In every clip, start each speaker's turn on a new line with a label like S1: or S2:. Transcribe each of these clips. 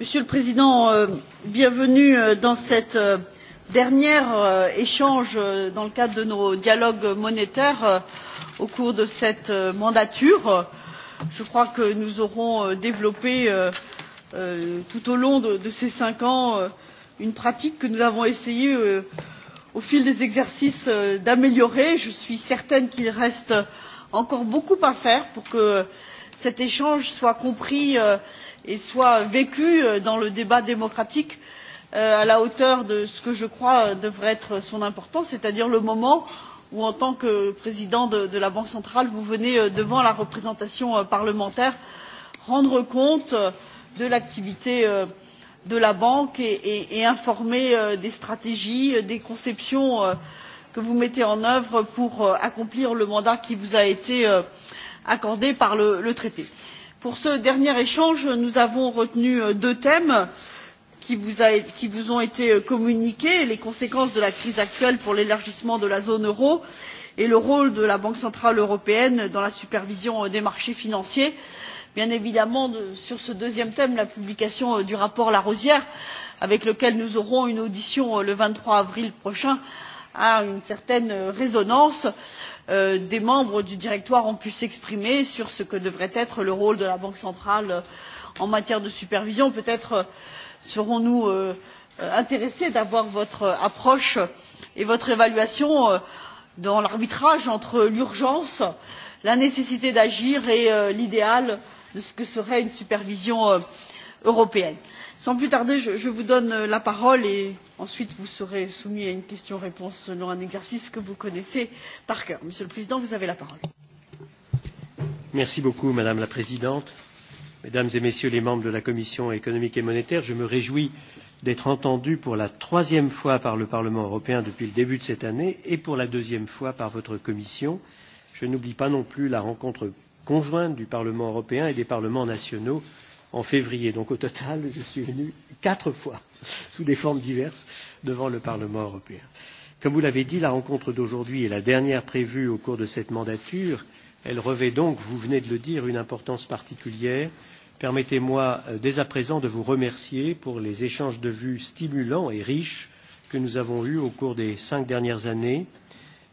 S1: monsieur le président bienvenue dans cet dernier échange dans le cadre de nos dialogues monétaires au cours de cette mandature. je crois que nous aurons développé tout au long de ces cinq ans une pratique que nous avons essayé au fil des exercices d'améliorer. je suis certaine qu'il reste encore beaucoup à faire pour que cet échange soit compris et soit vécu dans le débat démocratique à la hauteur de ce que je crois devrait être son importance c'est à dire le moment où en tant que président de la banque centrale vous venez devant la représentation parlementaire rendre compte de l'activité de la banque et informer des stratégies des conceptions que vous mettez en œuvre pour accomplir le mandat qui vous a été confié accordée par le, traité. pour ce dernier échange nous avons retenu deux thèmes qui vous, ont été communiqués les conséquences de la crise actuelle pour l'élargissement de la zone euro et le rôle de la banque centrale européenne dans la supervision des marchés financiers. bien évidemment sur ce deuxième thème la publication du rapport larosière avec lequel nous aurons une audition le vingt trois avril prochain a une certaine résonance des membres du directoire ont pu s'exprimer sur ce que devrait être le rôle de la banque centrale en matière de supervision. peut être serons nous intéressés d'avoir votre approche et votre évaluation dans l'arbitrage entre l'urgence la nécessité d'agir et l'idéal de ce que serait une supervision européenne sans plus tarder je vous donne la parole et ensuite vous serez soumis à une question réponse selon un exercice que vous connaissez par cœur. monsieur le président vous avez la parole.
S2: madame la présidente mesdames et messieurs les membres de la commission économique et monétaire je me réjouis d'être entendu pour la troisième fois par le parlement européen depuis le début de cette année et pour la deuxième fois par votre commission. je n'oublie pas non plus la rencontre conjointe du parlement européen et des parlements nationaux en février. Donc au total, je suis venu quatre fois, sous des formes diverses, devant le Parlement européen. Comme vous l'avez dit, la rencontre d'aujourd'hui est la dernière prévue au cours de cette mandature. Elle revêt donc, vous venez de le dire, une importance particulière. Permettez-moi dès à présent de vous remercier pour les échanges de vues stimulants et riches que nous avons eus au cours des cinq dernières années.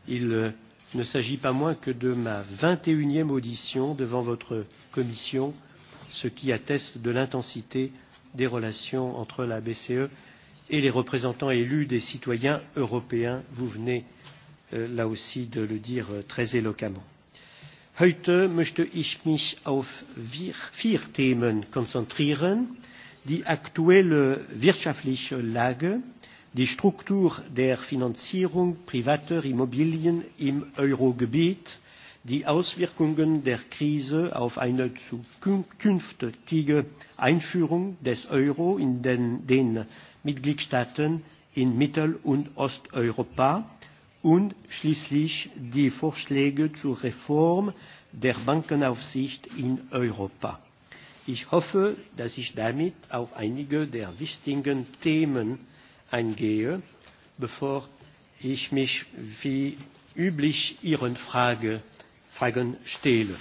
S2: Il ne s'agit pas moins que de ma vingt et unième audition devant votre commission ce qui atteste de l'intensité des relations entre la BCE et les représentants élus des citoyens européens. Vous venez là aussi de le dire très éloquemment. Heute möchte ich mich auf vier Themen konzentrieren. Die aktuelle wirtschaftliche Lage, die Struktur der Finanzierung privater Immobilien im Eurogebiet, die Auswirkungen der Krise auf eine zukünftige Einführung des Euro in den, den Mitgliedstaaten in Mittel- und Osteuropa und schließlich die Vorschläge zur Reform der Bankenaufsicht in Europa. Ich hoffe, dass ich damit auf einige der wichtigen Themen eingehe, bevor ich mich wie üblich Ihren Frage Fagan Steele.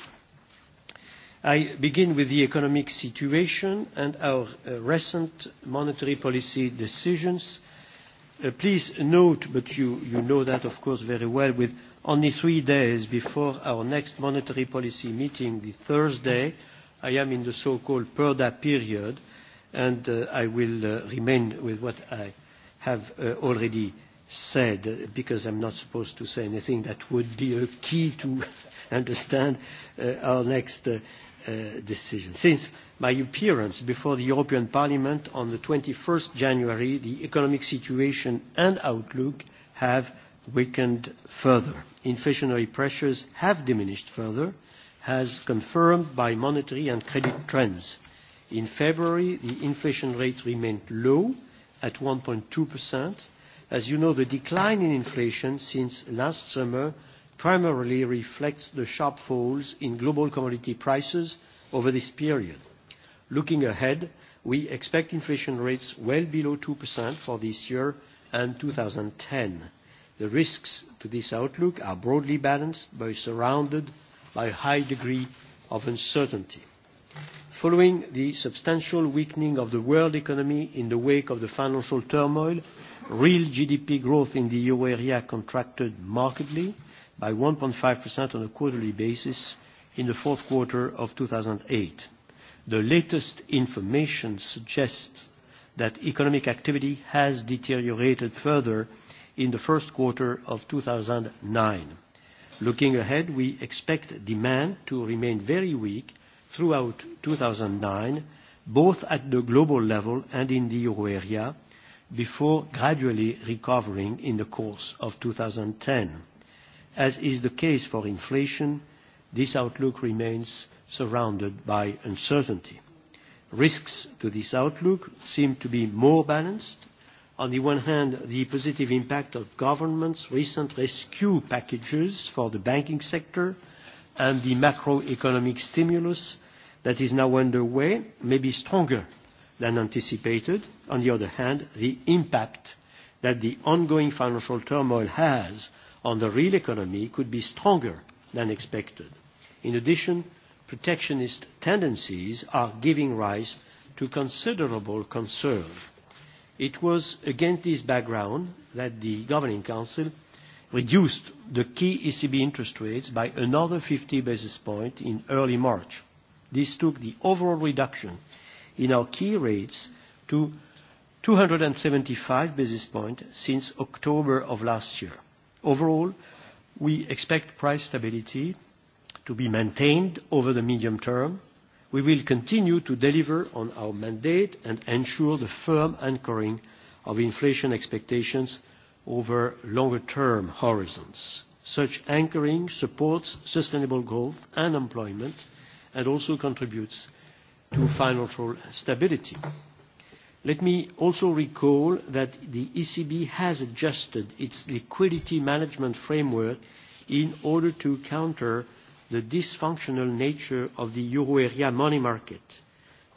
S2: I begin with the economic situation and our recent monetary policy decisions. Please note, but you know that, of course, very well, with only three days before our next monetary policy meeting, the Thursday, I am in the so-called PERDA period, and I will remain with what I have already said, because I'm not supposed to say anything that would be a key to understand uh, our next uh, uh, decision. Since my appearance before the European Parliament on the 21st January, the economic situation and outlook have weakened further. Inflationary pressures have diminished further, as confirmed by monetary and credit trends. In February, the inflation rate remained low at 1.2 percent As you know, the decline in inflation since last summer primarily reflects the sharp falls in global commodity prices over this period. Looking ahead, we expect inflation rates well below 2% for this year and 2010. The risks to this outlook are broadly balanced, but surrounded by a high degree of uncertainty. Following the substantial weakening of the world economy in the wake of the financial turmoil real GDP growth in the euro area contracted markedly by 1.5% on a quarterly basis in the fourth quarter of 2008. The latest information suggests that economic activity has deteriorated further in the first quarter of 2009. Looking ahead, we expect demand to remain very weak throughout 2009, both at the global level and in the euro area, before gradually recovering in the course of 2010. As is the case for inflation, this outlook remains surrounded by uncertainty. Risks to this outlook seem to be more balanced. On the one hand, the positive impact of governments' recent rescue packages for the banking sector and the macroeconomic stimulus that is now underway may be stronger than anticipated. On the other hand, the impact that the ongoing financial turmoil has on the real economy could be stronger than expected. In addition, protectionist tendencies are giving rise to considerable concern. It was against this background that the Governing Council reduced the key ECB interest rates by another 50 basis points in early March. This took the overall reduction in our key rates to 275 basis points since October of last year. Overall, we expect price stability to be maintained over the medium term. We will continue to deliver on our mandate and ensure the firm anchoring of inflation expectations over longer-term horizons. Such anchoring supports sustainable growth and employment and also contributes to financial stability. Let me also recall that the ECB has adjusted its liquidity management framework in order to counter the dysfunctional nature of the euro area money market.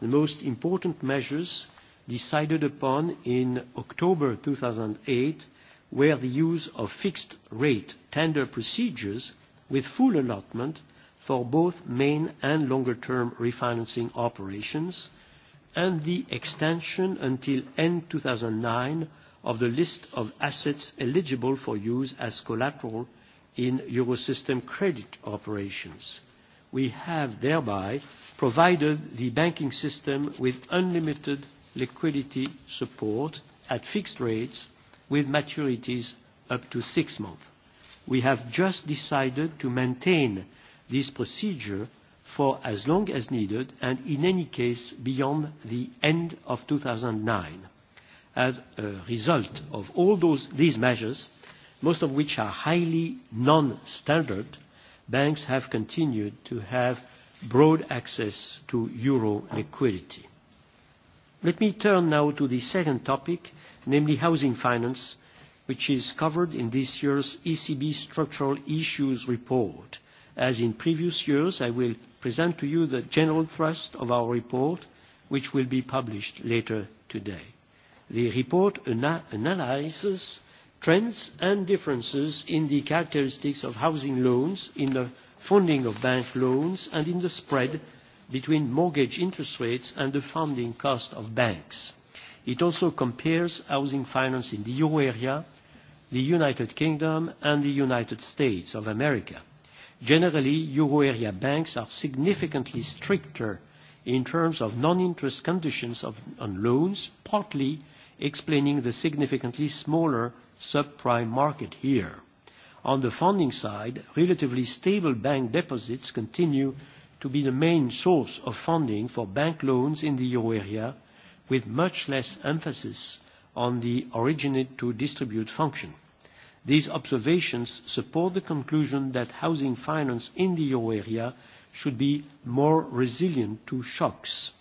S2: The most important measures decided upon in October 2008 were the use of fixed rate tender procedures with full allotment for both main and longer-term refinancing operations, and the extension until end 2009 of the list of assets eligible for use as collateral in Eurosystem credit operations. We have thereby provided the banking system with unlimited liquidity support at fixed rates with maturities up to six months. We have just decided to maintain this procedure for as long as needed, and in any case, beyond the end of 2009. As a result of all those these measures, most of which are highly non-standard, banks have continued to have broad access to euro liquidity. Let me turn now to the second topic, namely housing finance, which is covered in this year's ECB Structural Issues Report As in previous years, I will present to you the general thrust of our report, which will be published later today. The report ana analyzes trends and differences in the characteristics of housing loans, in the funding of bank loans, and in the spread between mortgage interest rates and the funding cost of banks. It also compares housing finance in the euro area, the United Kingdom, and the United States of America. Generally, euro area banks are significantly stricter in terms of non-interest conditions of, on loans, partly explaining the significantly smaller subprime market here. On the funding side, relatively stable bank deposits continue to be the main source of funding for bank loans in the euro area, with much less emphasis on the originate-to-distribute function. These observations support the conclusion that housing finance in the euro area should be more resilient to shocks.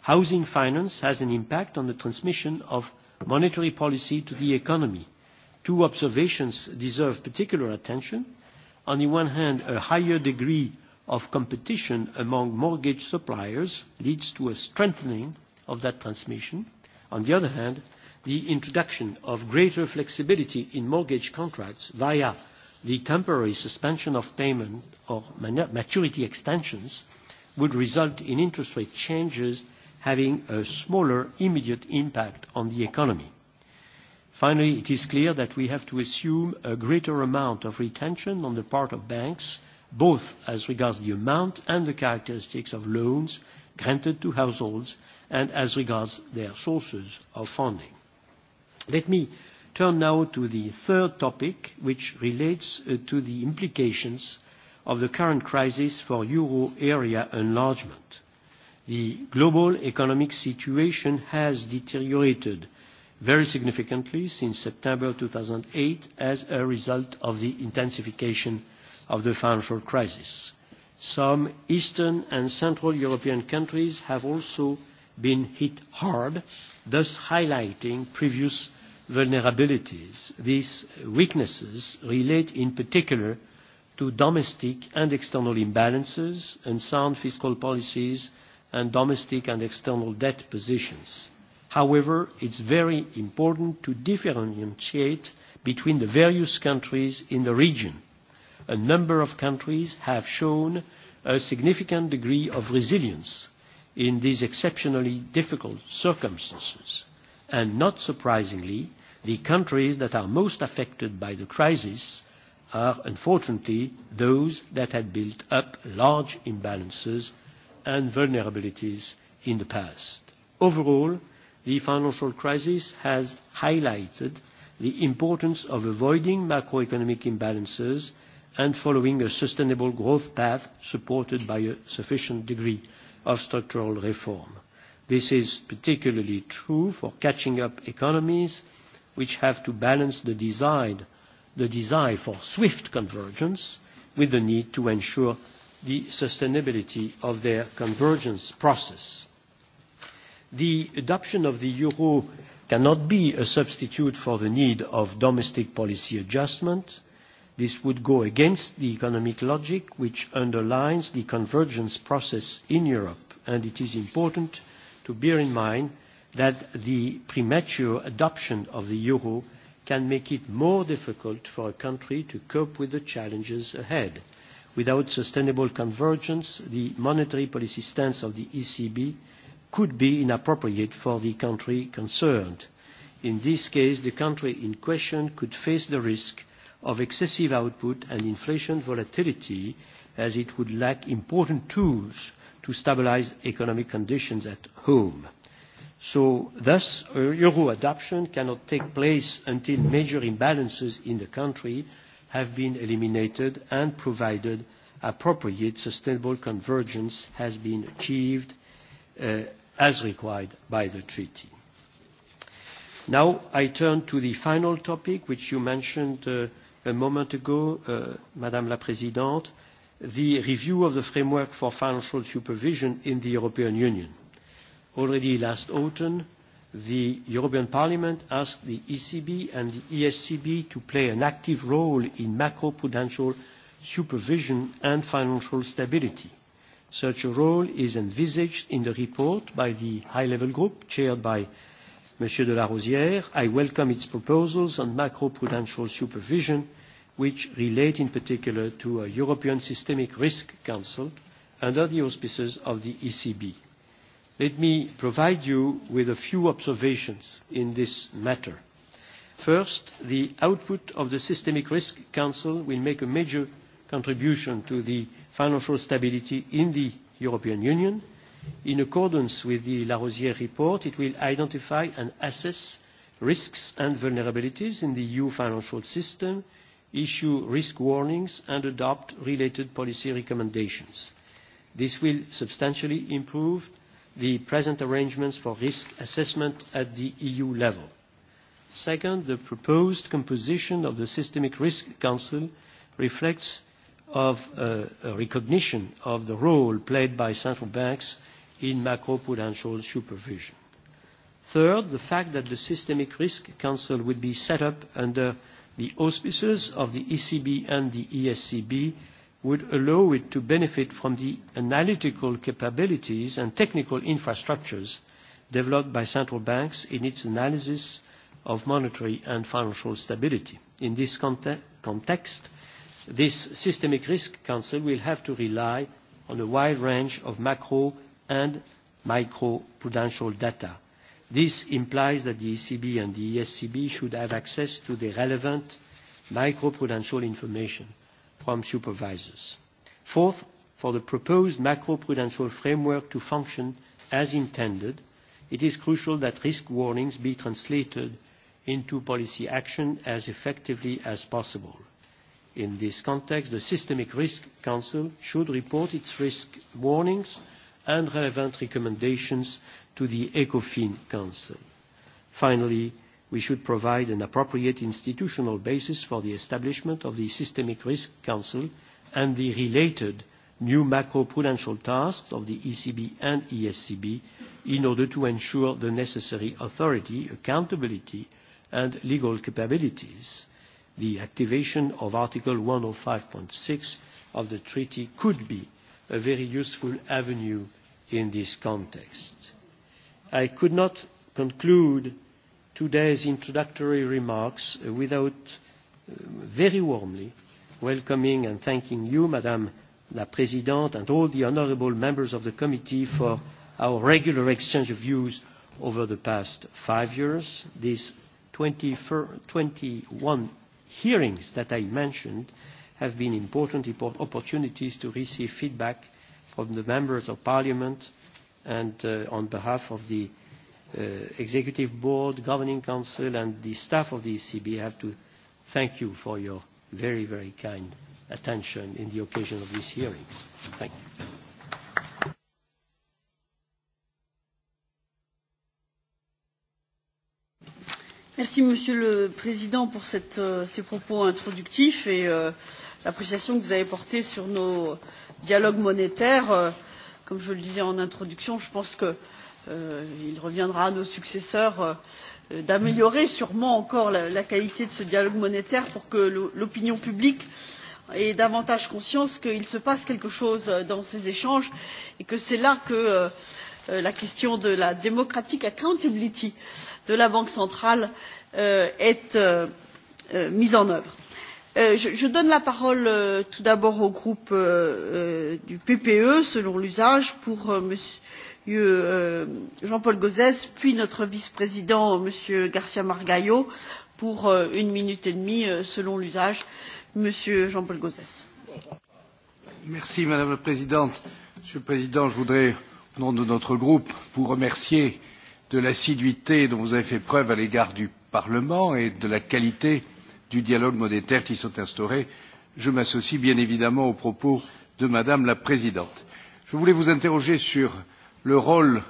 S2: Housing finance has an impact on the transmission of monetary policy to the economy. Two observations deserve particular attention. On the one hand, a higher degree of competition among mortgage suppliers leads to a strengthening of that transmission. On the other hand, the introduction of greater flexibility in mortgage contracts via the temporary suspension of payment or maturity extensions would result in interest rate changes having a smaller immediate impact on the economy. Finally, it is clear that we have to assume a greater amount of retention on the part of banks, both as regards the amount and the characteristics of loans granted to households and as regards their sources of funding. Let me turn now to the third topic, which relates to the implications of the current crisis for euro area enlargement. The global economic situation has deteriorated very significantly since September 2008 as a result of the intensification of the financial crisis. Some Eastern and Central European countries have also been hit hard thus highlighting previous vulnerabilities. These weaknesses relate in particular to domestic and external imbalances, sound fiscal policies, and domestic and external debt positions. However, it's very important to differentiate between the various countries in the region. A number of countries have shown a significant degree of resilience in these exceptionally difficult circumstances. And not surprisingly, the countries that are most affected by the crisis are unfortunately those that had built up large imbalances and vulnerabilities in the past. Overall, the financial crisis has highlighted the importance of avoiding macroeconomic imbalances and following a sustainable growth path supported by a sufficient degree of structural reform. This is particularly true for catching up economies which have to balance the desire, the desire for swift convergence with the need to ensure the sustainability of their convergence process. The adoption of the euro cannot be a substitute for the need of domestic policy adjustment, This would go against the economic logic which underlines the convergence process in Europe, and it is important to bear in mind that the premature adoption of the euro can make it more difficult for a country to cope with the challenges ahead. Without sustainable convergence, the monetary policy stance of the ECB could be inappropriate for the country concerned. In this case, the country in question could face the risk of excessive output and inflation volatility, as it would lack important tools to stabilize economic conditions at home. So Thus, euro adoption cannot take place until major imbalances in the country have been eliminated and provided appropriate sustainable convergence has been achieved as required by the treaty. Now I turn to the final topic, which you mentioned, a moment ago, uh, Madam la Présidente, the review of the framework for financial supervision in the European Union. Already last autumn, the European Parliament asked the ECB and the ESCB to play an active role in macroprudential supervision and financial stability. Such a role is envisaged in the report by the high-level group chaired by Monsieur de Rosière, I welcome its proposals on macroprudential supervision, which relate in particular to a European Systemic Risk Council under the auspices of the ECB. Let me provide you with a few observations in this matter. First, the output of the Systemic Risk Council will make a major contribution to the financial stability in the European Union In accordance with the Larosière report, it will identify and assess risks and vulnerabilities in the EU financial system, issue risk warnings, and adopt related policy recommendations. This will substantially improve the present arrangements for risk assessment at the EU level. Second, the proposed composition of the Systemic Risk Council reflects of a recognition of the role played by central banks in macroprudential supervision. Third, the fact that the Systemic Risk Council would be set up under the auspices of the ECB and the ESCB would allow it to benefit from the analytical capabilities and technical infrastructures developed by central banks in its analysis of monetary and financial stability. In this context, This Systemic Risk Council will have to rely on a wide range of macro and micro-prudential data. This implies that the ECB and the ESCB should have access to the relevant microprudential information from supervisors. Fourth, for the proposed macroprudential framework to function as intended, it is crucial that risk warnings be translated into policy action as effectively as possible. In this context, the Systemic Risk Council should report its risk warnings and relevant recommendations to the ECOFIN Council. Finally, we should provide an appropriate institutional basis for the establishment of the Systemic Risk Council and the related new macroprudential tasks of the ECB and ESCB in order to ensure the necessary authority, accountability, and legal capabilities the activation of Article 105.6 of the treaty could be a very useful avenue in this context. I could not conclude today's introductory remarks without very warmly welcoming and thanking you, Madame la Présidente, and all the honourable members of the committee for our regular exchange of views over the past five years. This 21 hearings that I mentioned have been important opportunities to receive feedback from the members of parliament and uh, on behalf of the uh, executive board, governing council and the staff of the ECB, I have to thank you for your very, very kind attention in the occasion of these hearings.
S3: Thank you.
S1: Merci Monsieur le Président pour cette, ces propos introductifs et euh, l'appréciation que vous avez portée sur nos dialogues monétaires. Comme je le disais en introduction, je pense qu'il euh, reviendra à nos successeurs euh, d'améliorer sûrement encore la qualité de ce dialogue monétaire pour que l'opinion publique ait davantage conscience qu'il se passe quelque chose dans ces échanges et que c'est là que la question de la democratic accountability de la banque centrale est mise en œuvre. je donne la parole tout d'abord au groupe du ppe selon l'usage pour m. jean paul gauzès puis notre vice président m. garca margallo pour une minute et demie selon l'usage. monsieur jean paul gauzès.
S4: madame la présidente monsieur le président je voudrais Au nom de notre groupe, vous remercier de l'assiduité dont vous avez fait preuve à l'égard du Parlement et de la qualité du dialogue monétaire qui s'est instauré. Je m'associe bien évidemment aux propos de Madame la Présidente. Je voulais vous interroger sur le rôle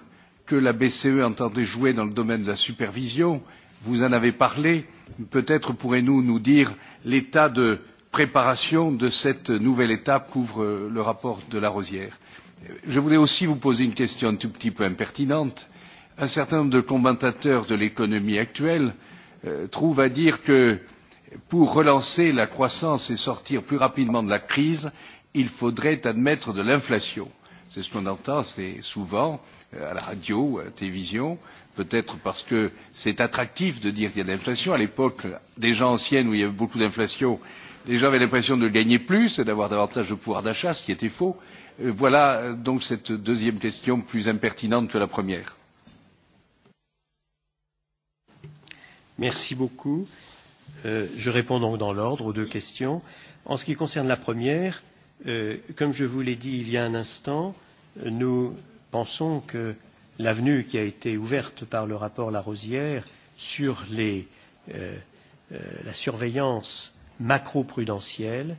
S4: que la BCE entendait jouer dans le domaine de la supervision. Vous en avez parlé. Peut-être pourrez-nous nous dire l'état de préparation de cette nouvelle étape qu'ouvre le rapport de Larosière. Je voulais aussi vous poser une question un tout petit peu impertinente. Un certain nombre de commentateurs de l'économie actuelle trouvent à dire que pour relancer la croissance et sortir plus rapidement de la crise, il faudrait admettre de l'inflation. C'est ce qu'on entend assez souvent à la radio, ou à la télévision, peut-être parce que c'est attractif de dire qu'il y a de l'inflation. À l'époque déjà ancienne où il y avait beaucoup d'inflation, les gens avaient l'impression de gagner plus et d'avoir davantage de pouvoir d'achat, ce qui était faux voilà donc cette deuxième question plus impertinente que la première.
S2: Merci beaucoup. je réponds donc dans l'ordre aux deux questions. En ce qui concerne la première, comme je vous l'ai dit il y a un instant, nous pensons que l'avenue qui a été ouverte par le rapport Larosière sur les, euh, euh, la surveillance macroprudentielle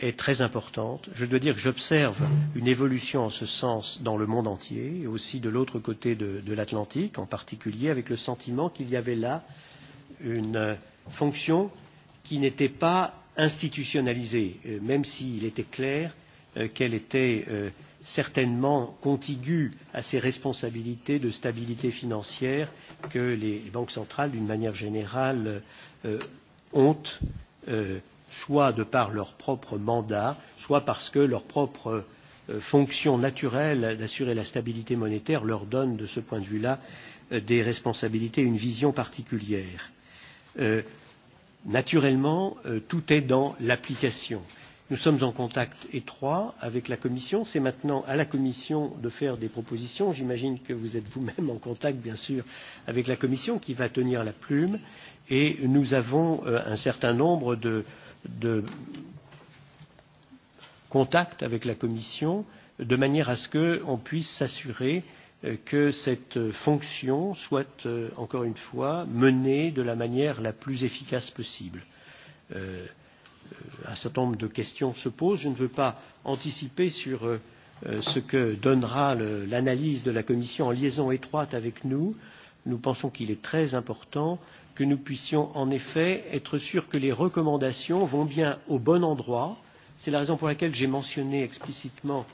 S2: est très importante. Je dois dire que j'observe une évolution en ce sens dans le monde entier et aussi de l'autre côté de, de l'Atlantique, en particulier avec le sentiment qu'il y avait là une fonction qui n'était pas institutionnalisée, même s'il était clair qu'elle était certainement contiguë à ces responsabilités de stabilité financière que les banques centrales, d'une manière générale, ont soit de par leur propre mandat, soit parce que leur propre fonction naturelle d'assurer la stabilité monétaire leur donne, de ce point de vue-là, des responsabilités, une vision particulière. Euh, naturellement, euh, tout est dans l'application. Nous sommes en contact étroit avec la Commission. C'est maintenant à la Commission de faire des propositions. J'imagine que vous êtes vous-même en contact, bien sûr, avec la Commission qui va tenir la plume. Et nous avons un certain nombre de, euh, de contact avec la Commission de manière à ce qu'on puisse s'assurer que cette fonction soit, encore une fois, menée de la manière la plus efficace possible. Un certain nombre de questions se posent. Je ne veux pas anticiper sur ce que donnera l'analyse de la Commission en liaison étroite avec nous. Nous pensons qu'il est très important que nous puissions en effet être sûrs que les recommandations vont bien au bon endroit. C'est la raison pour laquelle j'ai mentionné explicitement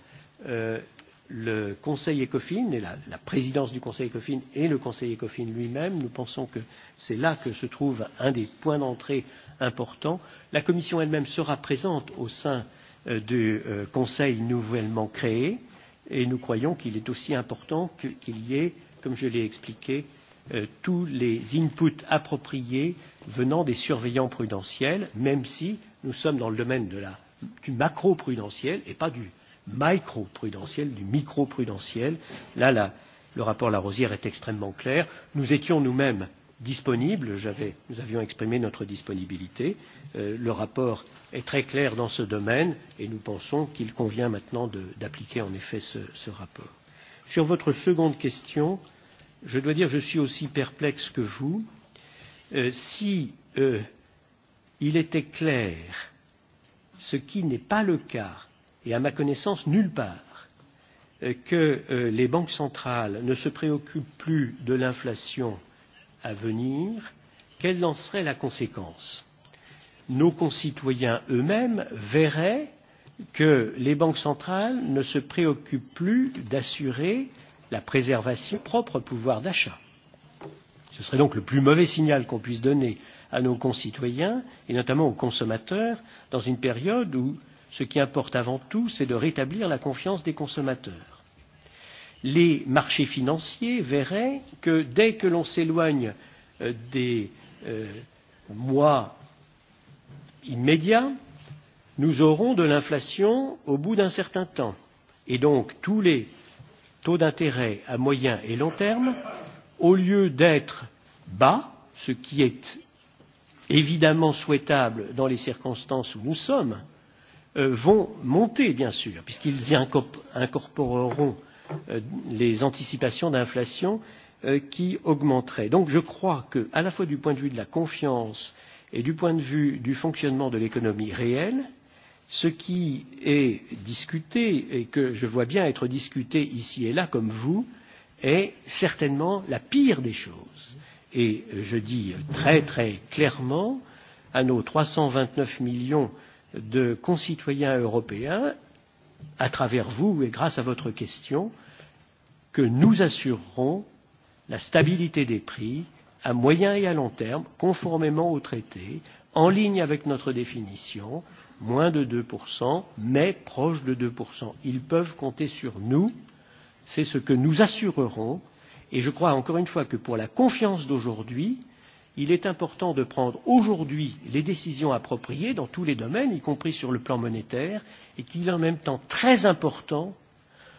S2: euh, le Conseil ECOFIN et la, la présidence du Conseil ECOFIN et le Conseil ECOFIN lui-même. Nous pensons que c'est là que se trouve un des points d'entrée importants. La Commission elle-même sera présente au sein euh, du euh, Conseil nouvellement créé et nous croyons qu'il est aussi important qu'il y ait, comme je l'ai expliqué, euh, tous les inputs appropriés venant des surveillants prudentiels, même si nous sommes dans le domaine de la, du macro-prudentiel et pas du micro-prudentiel, du micro-prudentiel. Là, là, le rapport Larosière est extrêmement clair. Nous étions nous-mêmes disponibles, nous avions exprimé notre disponibilité. Euh, le rapport est très clair dans ce domaine et nous pensons qu'il convient maintenant d'appliquer en effet ce, ce rapport. Sur votre seconde question, euh, je dois dire que je suis aussi perplexe que vous. Euh, si euh, il était clair, ce qui n'est pas le cas, et à ma connaissance nulle part, euh, que euh, les banques centrales ne se préoccupent plus de l'inflation à venir, quelle en serait la conséquence Nos concitoyens eux-mêmes verraient que les banques centrales ne se préoccupent plus d'assurer euh, la préservation du propre pouvoir d'achat. Ce serait donc le plus mauvais signal qu'on puisse donner à nos concitoyens, et notamment aux consommateurs, dans une période où ce qui importe avant tout, c'est de rétablir la confiance des consommateurs. Les marchés financiers verraient que dès que l'on s'éloigne des euh, mois immédiats, nous aurons de l'inflation au bout d'un certain temps. Et donc tous les taux d'intérêt à moyen et long terme, au lieu d'être bas, ce qui est évidemment souhaitable dans les circonstances où nous sommes, vont monter, bien sûr, puisqu'ils y incorporeront les anticipations d'inflation qui augmenteraient. Donc je crois que, à la fois du point de vue de la confiance et du point de vue du fonctionnement de l'économie réelle, Ce qui est discuté et que je vois bien être discuté ici et là comme vous est certainement la pire des choses. Et je dis très très clairement à nos 329 millions de concitoyens européens, à travers vous et grâce à votre question, que nous assurerons la stabilité des prix à moyen et à long terme, conformément au traité, en ligne avec notre définition, moins de 2%, mais proche de 2%. Ils peuvent compter sur nous, c'est ce que nous assurerons, et je crois encore une fois que pour la confiance d'aujourd'hui, il est important de prendre aujourd'hui les décisions appropriées dans tous les domaines, y compris sur le plan monétaire, et qu'il est en même temps très important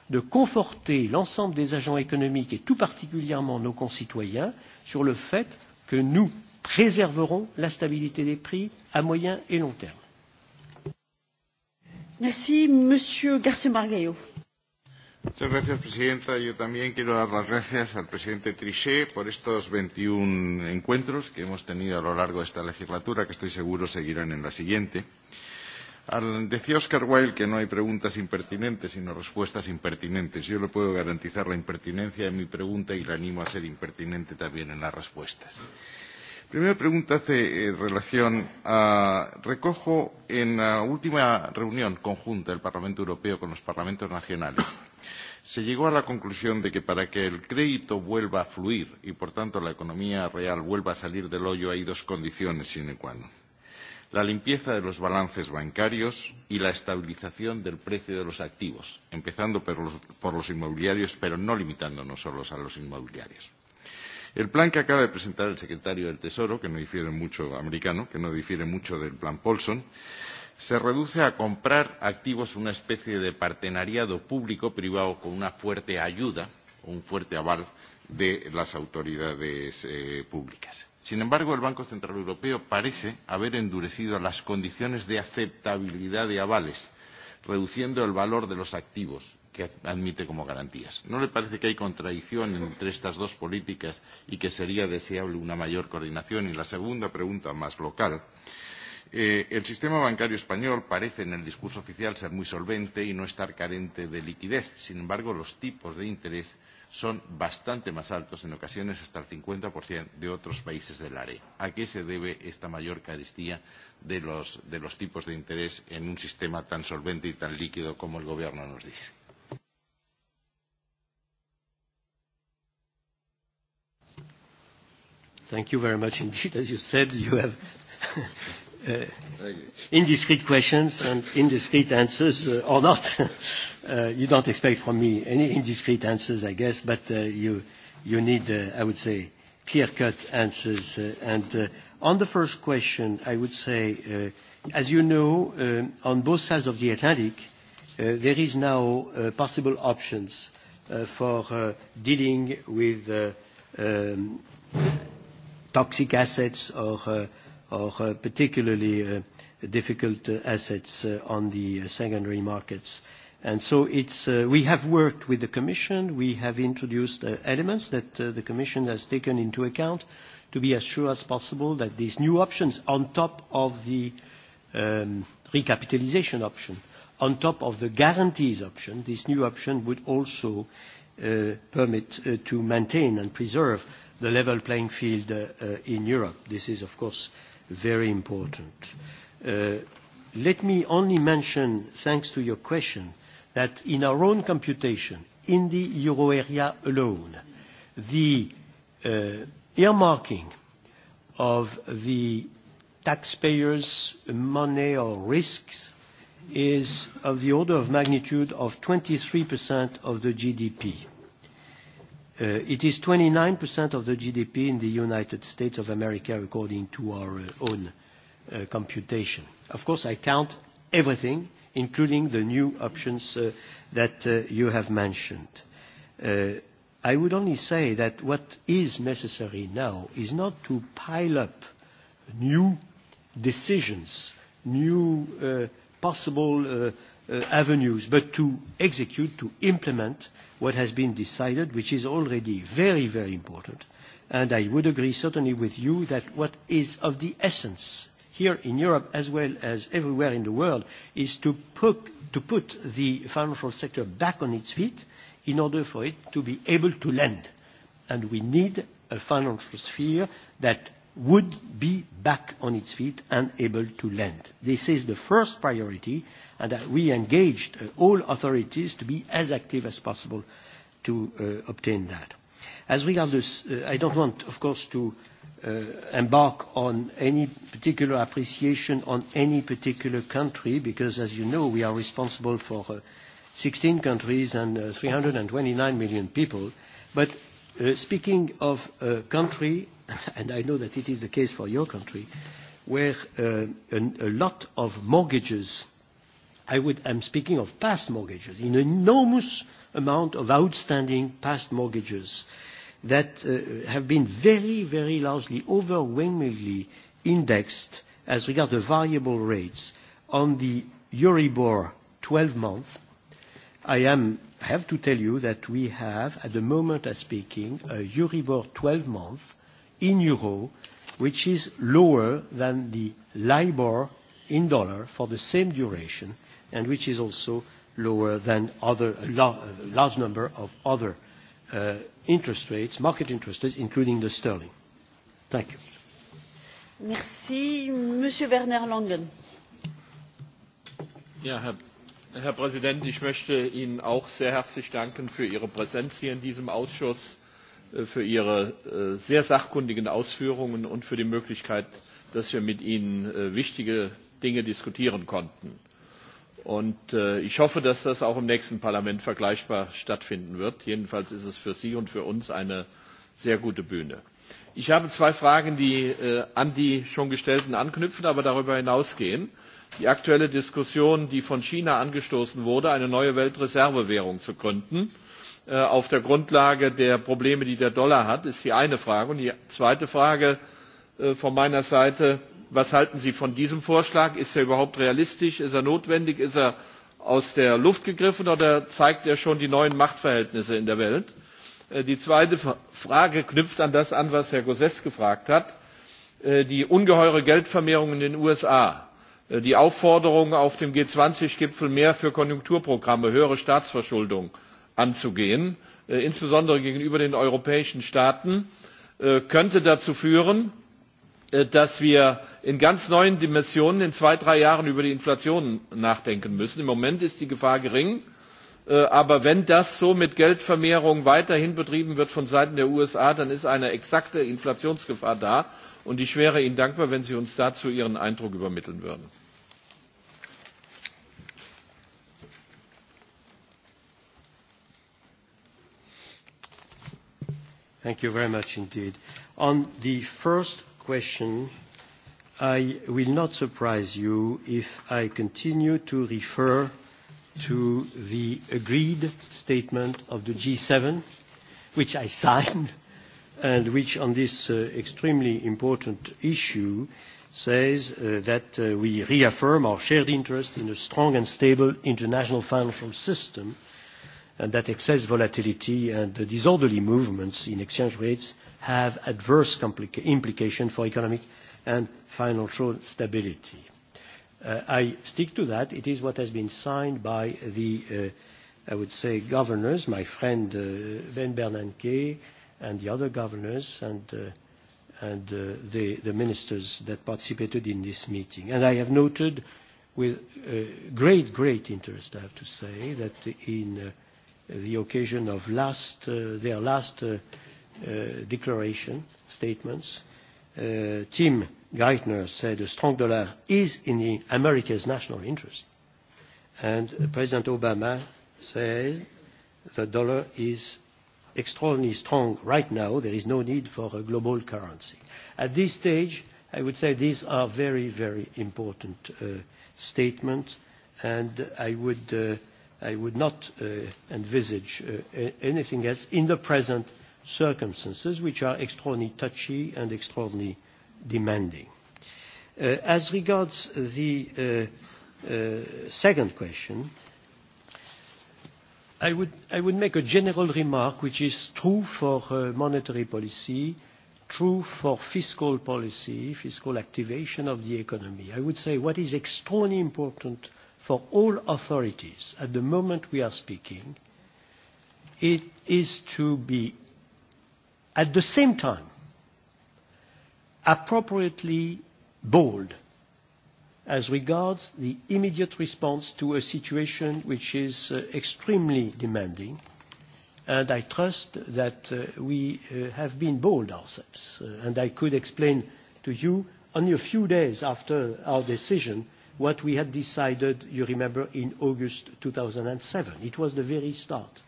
S2: de conforter l'ensemble des agents économiques et tout particulièrement nos concitoyens sur le fait que nous préserverons la stabilité des prix
S3: à moyen et long terme.
S1: Señora
S3: presidenta. Yo también quiero dar las gracias al presidente Trichet por estos veintiún encuentros que hemos tenido a lo largo de esta legislatura, que estoy seguro seguirán en la siguiente. Decía Oscar Wilde que no hay preguntas impertinentes, sino respuestas impertinentes. Yo le puedo garantizar la impertinencia de mi pregunta y le animo a ser impertinente también en las respuestas primera pregunta hace eh, relación a. Recojo en la última reunión conjunta del Parlamento Europeo con los parlamentos nacionales. Se llegó a la conclusión de que para que el crédito vuelva a fluir y, por tanto, la economía real vuelva a salir del hoyo, hay dos condiciones sine qua non. La limpieza de los balances bancarios y la estabilización del precio de los activos, empezando por los, por los inmobiliarios, pero no limitándonos solo a los inmobiliarios El plan que acaba de presentar el secretario del Tesoro, que no difiere mucho americano, que no difiere mucho del plan Paulson, se reduce a comprar activos una especie de partenariado público-privado con una fuerte ayuda, un fuerte aval de las autoridades eh, públicas. Sin embargo, el Banco Central Europeo parece haber endurecido las condiciones de aceptabilidad de avales, reduciendo el valor de los activos que admite como garantías. ¿No le parece que hay contradicción entre estas dos políticas y que sería deseable una mayor coordinación? Y la segunda pregunta, más local. Eh, el sistema bancario español parece en el discurso oficial ser muy solvente y no estar carente de liquidez. Sin embargo, los tipos de interés son bastante más altos, en ocasiones hasta el 50% de otros países del área. ¿A qué se debe esta mayor carestía de los, de los tipos de interés en un sistema tan solvente y tan líquido como el Gobierno nos dice?
S2: Thank you very much indeed. As you said, you have uh, indiscreet questions and indiscreet answers, uh, or not. uh, you don't expect from me any indiscreet answers, I guess, but uh, you, you need, uh, I would say, clear-cut answers. Uh, and uh, on the first question, I would say, uh, as you know, um, on both sides of the Atlantic, uh, there is now uh, possible options uh, for uh, dealing with uh, um, toxic assets or particularly difficult assets on the secondary markets. it's We have worked with the Commission. We have introduced elements that the Commission has taken into account to be as sure as possible that these new options on top of the recapitalization option, on top of the guarantees option, this new option would also permit to maintain and preserve the level playing field uh, uh, in Europe. This is, of course, very important. Uh, let me only mention, thanks to your question, that in our own computation, in the euro area alone, the uh, earmarking of the taxpayers' money or risks is of the order of magnitude of 23% of the GDP Uh, it is 29% of the GDP in the United States of America, according to our uh, own uh, computation. Of course, I count everything, including the new options uh, that uh, you have mentioned. Uh, I would only say that what is necessary now is not to pile up new decisions, new uh, possible uh, uh, avenues, but to execute, to implement what has been decided, which is already very, very important. And I would agree certainly with you that what is of the essence here in Europe as well as everywhere in the world is to put, to put the financial sector back on its feet in order for it to be able to lend. And we need a financial sphere that would be back on its feet and able to lend. This is the first priority, and that we engaged uh, all authorities to be as active as possible to uh, obtain that. As regards this, uh, I don't want, of course, to uh, embark on any particular appreciation on any particular country, because, as you know, we are responsible for uh, 16 countries and uh, 329 million people. But uh, speaking of a country and I know that it is the case for your country, where uh, an, a lot of mortgages, I would, I'm speaking of past mortgages, an enormous amount of outstanding past mortgages that uh, have been very, very largely, overwhelmingly indexed as regards the variable rates on the Euribor 12-month. I am I have to tell you that we have, at the moment of speaking, a Euribor 12-month in euro, which is lower than the LIBOR in dollar for the same duration, and which is also lower than other a large number of other interest rates, market interest rates, including the sterling. Thank you.
S1: Merci. Monsieur Werner Langen.
S5: Ja, Herr Präsident, ich möchte Ihnen auch sehr herzlich danken für Ihre Präsenz hier in diesem Ausschuss für Ihre sehr sachkundigen Ausführungen und für die Möglichkeit, dass wir mit Ihnen wichtige Dinge diskutieren konnten. Und ich hoffe, dass das auch im nächsten Parlament vergleichbar stattfinden wird. Jedenfalls ist es für Sie und für uns eine sehr gute Bühne. Ich habe zwei Fragen, die an die schon gestellten anknüpfen, aber darüber hinausgehen. Die aktuelle Diskussion, die von China angestoßen wurde, eine neue Weltreservewährung zu gründen auf der Grundlage der Probleme, die der Dollar hat, ist die eine Frage. die zweite Frage von meiner Seite, was halten Sie von diesem Vorschlag? Ist er überhaupt realistisch? Ist er notwendig? Ist er aus der Luft gegriffen oder zeigt er schon die neuen Machtverhältnisse in der Welt? Die zweite Frage knüpft an das an, was Herr gauzs gefragt hat. Die ungeheure Geldvermehrung in den USA, die Aufforderung auf dem g zwanzig gipfel mehr für Konjunkturprogramme, höhere Staatsverschuldung, anzugehen insbesondere gegenüber den europäischen staaten könnte dazu führen dass wir in ganz neuen dimensionen in zwei drei jahren über die inflation nachdenken müssen. im moment ist die gefahr gering aber wenn das so mit geldvermehrung weiterhin betrieben wird von seiten der usa dann ist eine exakte inflationsgefahr da und ich wäre ihnen dankbar wenn sie uns dazu ihren eindruck übermitteln
S2: würden. Thank you very much indeed. On the first question, I will not surprise you if I continue to refer to the agreed statement of the G7, which I signed, and which on this extremely important issue says that we reaffirm our shared interest in a strong and stable international financial system and that excess volatility and the disorderly movements in exchange rates have adverse implications for economic and financial stability. I stick to that. It is what has been signed by the, I would say, governors, my friend Ben Bernanke and the other governors and, and the, the ministers that participated in this meeting. And I have noted with uh, great, great interest, I have to say, that in uh, the occasion of last, uh, their last uh, uh, declaration, statements. Uh, Tim Geithner said a strong dollar is in the America's national interest. And President Obama says the dollar is extraordinarily strong right now. There is no need for a global currency. At this stage, I would say these are very, very important uh, statements, and I would uh, I would not uh, envisage uh, anything else in the present circumstances, which are extraordinarily touchy and extraordinarily demanding. Uh, as regards the uh, uh, second question, I would, I would make a general remark which is true for uh, monetary policy, true for fiscal policy, fiscal activation of the economy. I would say what is extremely important for all authorities at the moment we are speaking, it is to be at the same time appropriately bold as regards the immediate response to a situation which is uh, extremely demanding and I trust that uh, we uh, have been bold ourselves. Uh, and I could explain to you only a few days after our decision uh, what we had decided, you remember, in August 2007. It was the very start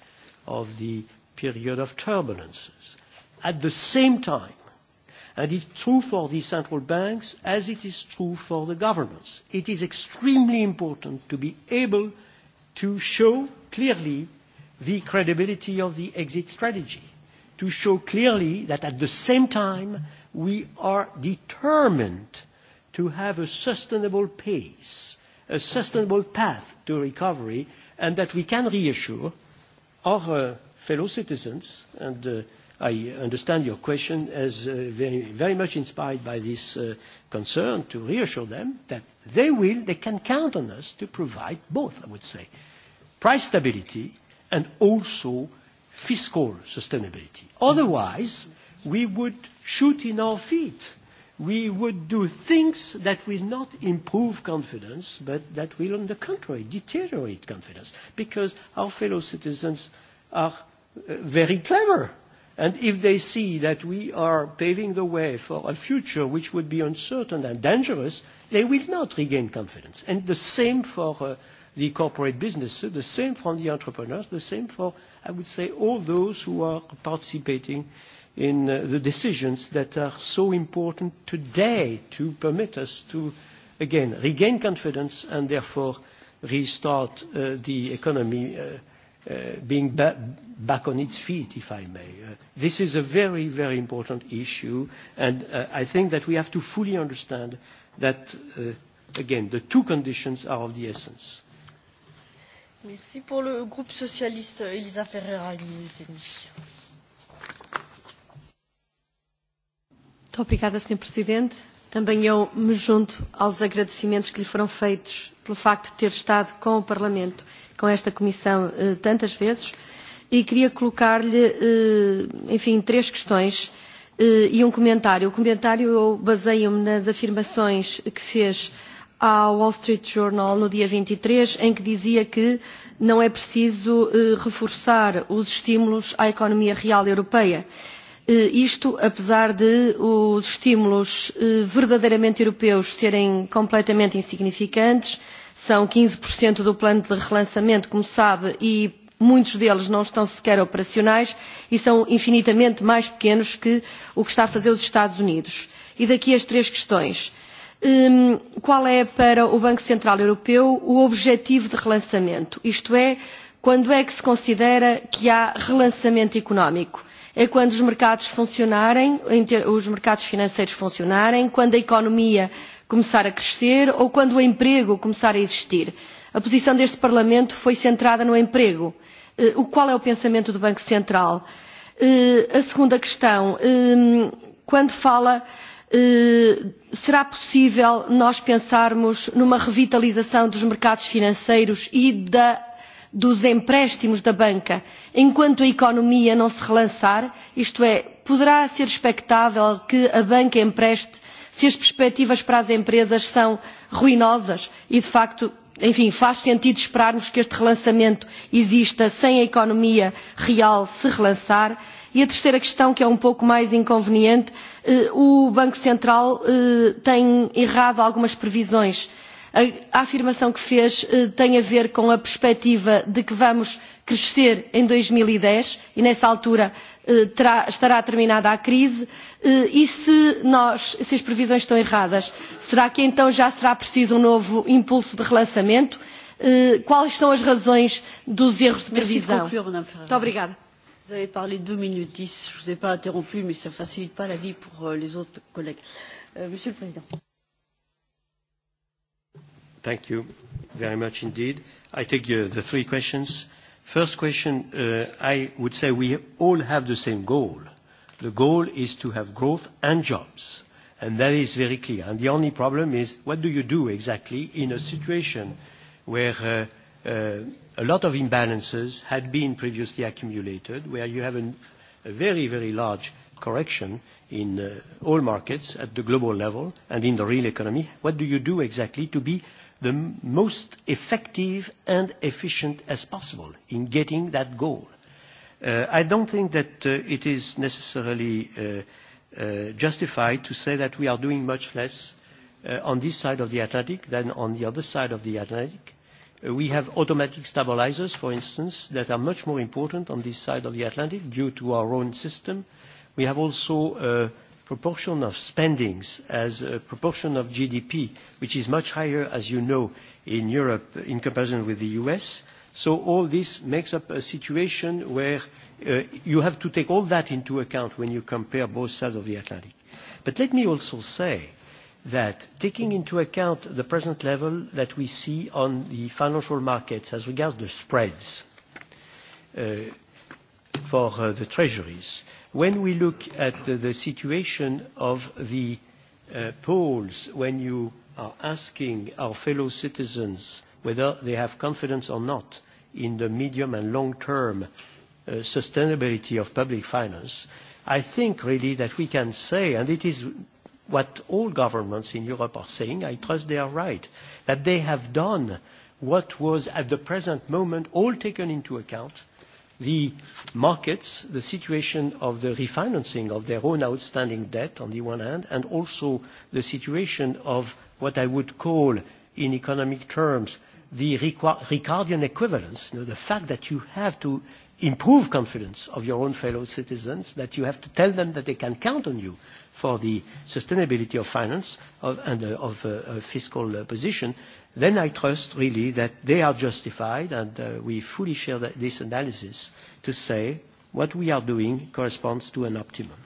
S2: of the period of turbulences. At the same time, and it's true for the central banks as it is true for the governments, it is extremely important to be able to show clearly the credibility of the exit strategy, to show clearly that at the same time we are determined to have a sustainable pace, a sustainable path to recovery, and that we can reassure our uh, fellow citizens. And uh, I understand your question as uh, very, very much inspired by this uh, concern to reassure them that they will, they can count on us to provide both, I would say, price stability and also fiscal sustainability. Otherwise, we would shoot in our feet we would do things that will not improve confidence, but that will, on the contrary, deteriorate confidence, because our fellow citizens are very clever. And if they see that we are paving the way for a future which would be uncertain and dangerous, they will not regain confidence. And the same for uh, the corporate businesses, the same for the entrepreneurs, the same for, I would say, all those who are participating in uh, the decisions that are so important today to permit us to, again, regain confidence and therefore restart uh, the economy uh, uh, being ba back on its feet, if I may. Uh, this is a very, very important issue, and uh, I think that we have to fully understand that, uh, again, the two conditions are of the essence.
S1: Merci pour le groupe socialiste, Elisa Ferreira,
S6: Muito obrigada, Sr. Presidente. Também eu me junto aos agradecimentos que lhe foram feitos pelo facto de ter estado com o Parlamento, com esta Comissão, tantas vezes. E queria colocar-lhe, enfim, três questões e um comentário. O comentário eu baseio-me nas afirmações que fez ao Wall Street Journal no dia 23, em que dizia que não é preciso reforçar os estímulos à economia real europeia Isto, apesar de os estímulos verdadeiramente europeus serem completamente insignificantes, são 15% do plano de relançamento, como sabe, e muitos deles não estão sequer operacionais e são infinitamente mais pequenos que o que está a fazer os Estados Unidos. E daqui as três questões. Qual é para o Banco Central Europeu o objetivo de relançamento? Isto é, quando é que se considera que há relançamento económico? é quando os mercados funcionarem, os mercados financeiros funcionarem, quando a economia começar a crescer ou quando o emprego começar a existir. A posição deste Parlamento foi centrada no emprego. O qual é o pensamento do Banco Central? A segunda questão, quando fala será possível nós pensarmos numa revitalização dos mercados financeiros e da dos empréstimos da banca enquanto a economia não se relançar, isto é, poderá ser expectável que a banca empreste se as perspectivas para as empresas são ruinosas e, de facto, enfim, faz sentido esperarmos que este relançamento exista sem a economia real se relançar. E a terceira questão, que é um pouco mais inconveniente, o Banco Central tem errado algumas previsões A afirmação que fez tem a ver com a perspectiva de que vamos crescer em dois mil e dez e nessa altura estará terminada a crise e se as previsões estão erradas será que então já será preciso um novo impulso de relançamento? quais são as razões dos erros de previsão? Muito obrigada.
S1: Vous avez parlé deux minutes dix. Je ne vous ai pas interrompu, mais ça ne facilite pas la vie pour les autres collègues. Euh, Monsieur le Président.
S2: Thank you very much indeed. I take uh, the three questions. First question, uh, I would say we all have the same goal. The goal is to have growth and jobs, and that is very clear. And the only problem is, what do you do exactly in a situation where uh, uh, a lot of imbalances had been previously accumulated, where you have an, a very, very large correction in uh, all markets at the global level and in the real economy? What do you do exactly to be the most effective and efficient as possible in getting that goal. Uh, I don't think that uh, it is necessarily uh, uh, justified to say that we are doing much less uh, on this side of the Atlantic than on the other side of the Atlantic. Uh, we have automatic stabilizers, for instance, that are much more important on this side of the Atlantic due to our own system. We have also uh, proportion of spendings as a proportion of GDP, which is much higher, as you know, in Europe in comparison with the US. So all this makes up a situation where uh, you have to take all that into account when you compare both sides of the Atlantic. But let me also say that taking into account the present level that we see on the financial markets as regards the spreads, uh, for uh, the treasuries. When we look at the, the situation of the uh, polls, when you are asking our fellow citizens whether they have confidence or not in the medium and long-term uh, sustainability of public finance, I think really that we can say, and it is what all governments in Europe are saying, I trust they are right, that they have done what was at the present moment all taken into account the markets, the situation of the refinancing of their own outstanding debt on the one hand, and also the situation of what I would call, in economic terms, the Ricardian equivalence, you know, the fact that you have to improve confidence of your own fellow citizens, that you have to tell them that they can count on you for the sustainability of finance of, and uh, of uh, fiscal uh, position, then I trust really that they are justified, and uh, we fully share that, this analysis to say what we are doing corresponds to an optimum.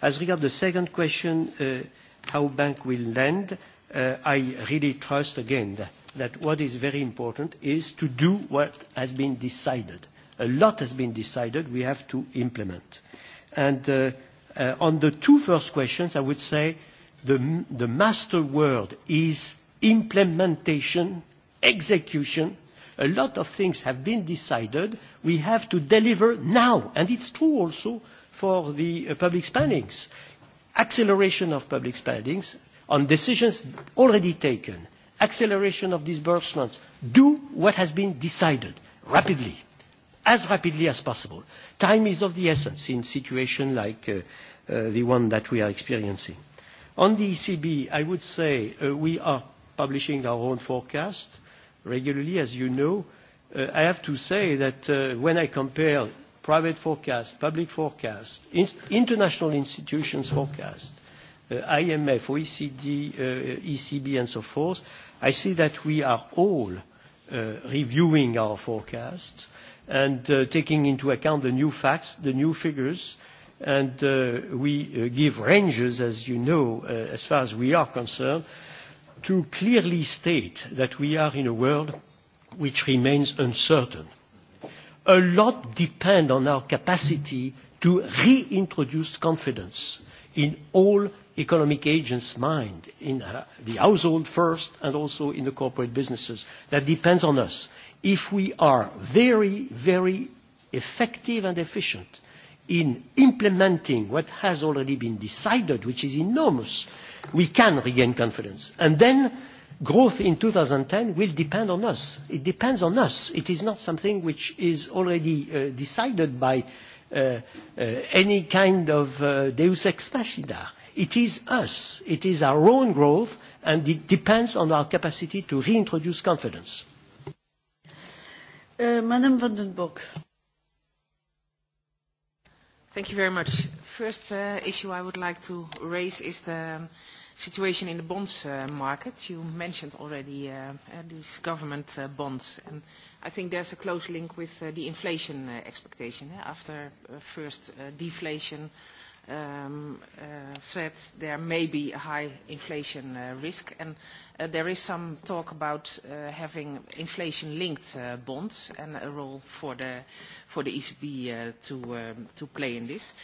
S2: As regards the second question, uh, how bank will lend, uh, I really trust again that, that what is very important is to do what has been decided. A lot has been decided. We have to implement. And uh, uh, on the two first questions, I would say the, the master word is implementation, execution, a lot of things have been decided. We have to deliver now. And it's true also for the uh, public spendings. Acceleration of public spendings on decisions already taken, acceleration of disbursements. Do what has been decided rapidly, as rapidly as possible. Time is of the essence in situations like uh, uh, the one that we are experiencing. On the ECB, I would say uh, we are publishing our own forecast regularly, as you know. Uh, I have to say that uh, when I compare private forecast, public forecast, in international institutions forecast, uh, IMF, OECD, uh, ECB, and so forth, I see that we are all uh, reviewing our forecasts and uh, taking into account the new facts, the new figures, and uh, we uh, give ranges, as you know, uh, as far as we are concerned, uh, to clearly state that we are in a world which remains uncertain. A lot depends on our capacity to reintroduce confidence in all economic agents' mind, in uh, the household first and also in the corporate businesses. That depends on us. If we are very, very effective and efficient in implementing what has already been decided, which is enormous, we can regain confidence. And then growth in 2010 will depend on us. It depends on us. It is not something which is already uh, decided by uh, uh, any kind of uh, deus ex machina. It is us. It is our own growth, and it depends on our capacity to reintroduce confidence.
S7: Uh, Madame Vandenbroek. Thank you very much. First uh, issue I would like to raise is the situation in the bonds uh, market. You mentioned already uh, uh, these government uh, bonds, and I think there's a close link with uh, the inflation uh, expectation. Yeah? after uh, first uh, deflation, um, that there may be a high inflation uh, risk, and uh, there is some talk about uh, having inflation-linked uh, bonds and a role for the for the ECB uh, to um, to play in this.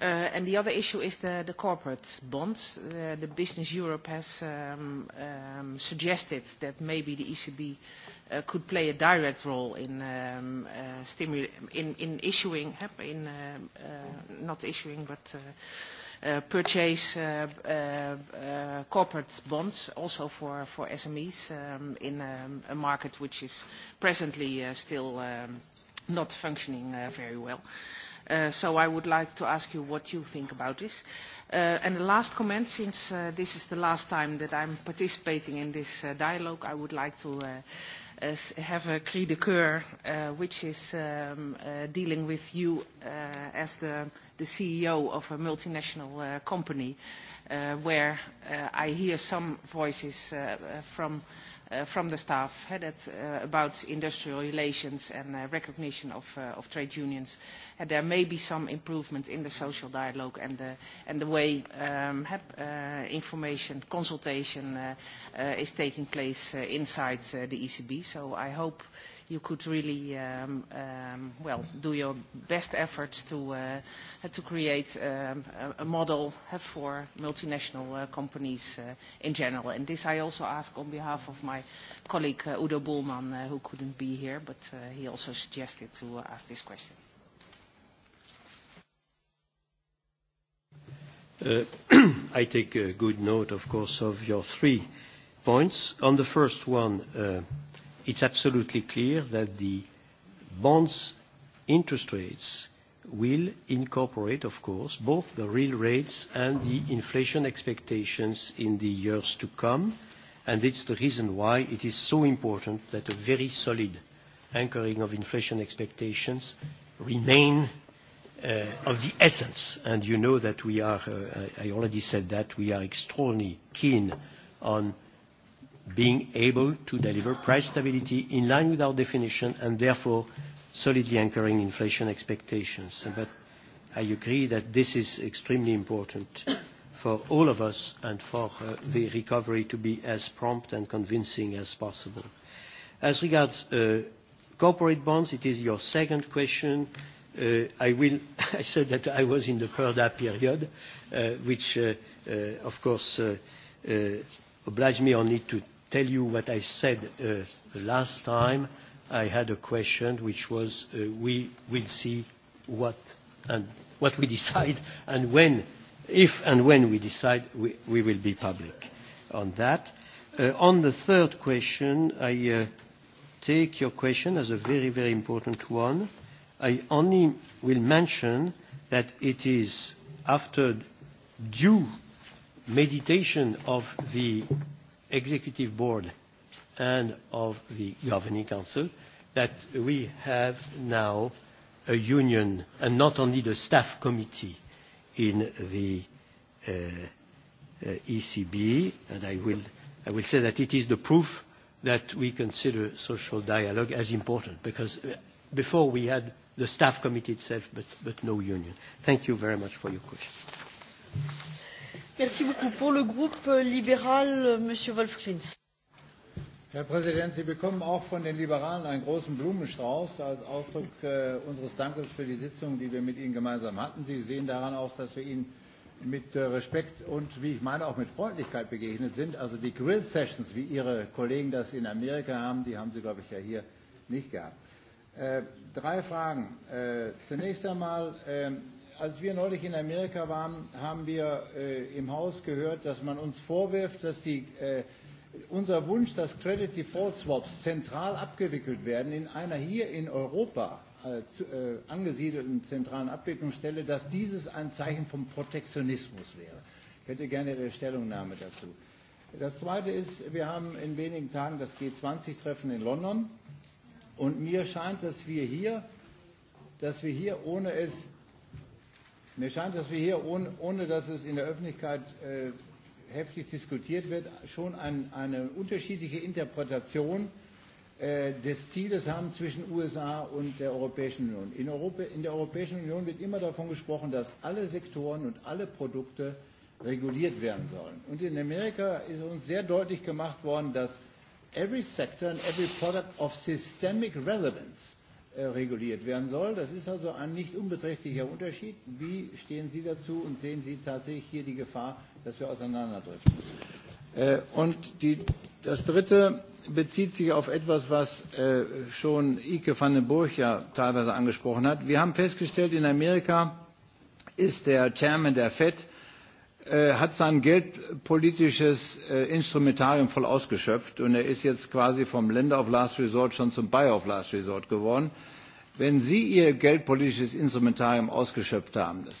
S7: Uh, and the other issue is the the corporate bonds. Uh, the Business Europe has um, um, suggested that maybe the ECB uh, could play a direct role in um, uh, stimul in in issuing in uh, uh, not issuing but uh, purchase corporate bonds also for SMEs in a market which is presently still not functioning very well. So I would like to ask you what you think about this. And the last comment, since this is the last time that I'm participating in this dialogue, I would like to have a cri de coeur, uh, which is um, uh, dealing with you uh, as the, the CEO of a multinational uh, company, uh, where uh, I hear some voices uh, from uh, uh, from the staff uh, that, uh, about industrial relations and uh, recognition of, uh, of trade unions. Uh, there may be some improvement in the social dialogue and the, and the way um, uh, information consultation uh, uh, is taking place uh, inside uh, the ECB. So I hope you could really um, um, well do your best efforts to uh, to create um, a model for multinational uh, companies uh, in general. And this I also ask on behalf of my colleague uh, Udo Bullman, uh, who couldn't be here, but uh, he also suggested to uh, ask this question.
S2: Uh, I take a good note, of course, of your three points. On the first one. Uh, it's absolutely clear that the bonds interest rates will incorporate, of course, both the real rates and the inflation expectations in the years to come. and It's the reason why it is so important that a very solid anchoring of inflation expectations remain of the essence. and You know that we are, I already said that, we are extraordinarily keen on being able to deliver price stability in line with our definition and therefore solidly anchoring inflation expectations. But I agree that this is extremely important for all of us and for the recovery to be as prompt and convincing as possible. As regards corporate bonds, it is your second question. I will I said that I was in the PERDA period, which of course obliged me only to tell you what I said uh, last time. I had a question which was uh, we will see what and what we decide and when, if and when we decide, we, we will be public on that. Uh, on the third question, I uh, take your question as a very, very important one. I only will mention that it is after due meditation of the executive board and of the governing council that we have now a union and not only the staff committee in the uh, uh, ECB and I will, I will say that it is the proof that we consider social dialogue as important because before we had the staff committee itself but, but no union. Thank you very much for your question.
S1: Herr
S8: Präsident, Sie bekommen auch von den Liberalen einen großen Blumenstrauß als Ausdruck äh, unseres Dankes für die Sitzung, die wir mit Ihnen gemeinsam hatten. Sie sehen daran aus, dass wir Ihnen mit äh, Respekt und, wie ich meine, auch mit Freundlichkeit begegnet sind. Also die Grill-Sessions, wie Ihre Kollegen das in Amerika haben, die haben Sie, glaube ich, ja hier nicht gehabt. Äh, drei Fragen. Äh, zunächst einmal, äh, als wir neulich in Amerika waren, haben wir äh, im Haus gehört, dass man uns vorwirft, dass die, äh, unser Wunsch, dass Credit Default Swaps zentral abgewickelt werden, in einer hier in Europa äh, angesiedelten zentralen Abwicklungsstelle, dass dieses ein Zeichen vom Protektionismus wäre. Ich hätte gerne Ihre Stellungnahme dazu. Das Zweite ist, wir haben in wenigen Tagen das G20-Treffen in London. Und mir scheint, dass wir hier, dass wir hier ohne es Mir scheint, dass wir hier, ohne, ohne dass es in der Öffentlichkeit äh, heftig diskutiert wird, schon ein, eine unterschiedliche Interpretation äh, des Zieles haben zwischen USA und der Europäischen Union. In, Europa, in der Europäischen Union wird immer davon gesprochen, dass alle Sektoren und alle Produkte reguliert werden sollen. Und in Amerika ist uns sehr deutlich gemacht worden, dass every sector and every product of systemic relevance – reguliert werden soll. Das ist also ein nicht unbeträchtlicher Unterschied. Wie stehen Sie dazu und sehen Sie tatsächlich hier die Gefahr, dass wir auseinanderdriften? Und die, das Dritte bezieht sich auf etwas, was schon Ike van den Burg ja teilweise angesprochen hat. Wir haben festgestellt, in Amerika ist der Chairman der FED hat sein geldpolitisches Instrumentarium voll ausgeschöpft und er ist jetzt quasi vom Länder of Last Resort schon zum Buyer of Last Resort geworden. Wenn Sie Ihr geldpolitisches Instrumentarium ausgeschöpft haben, das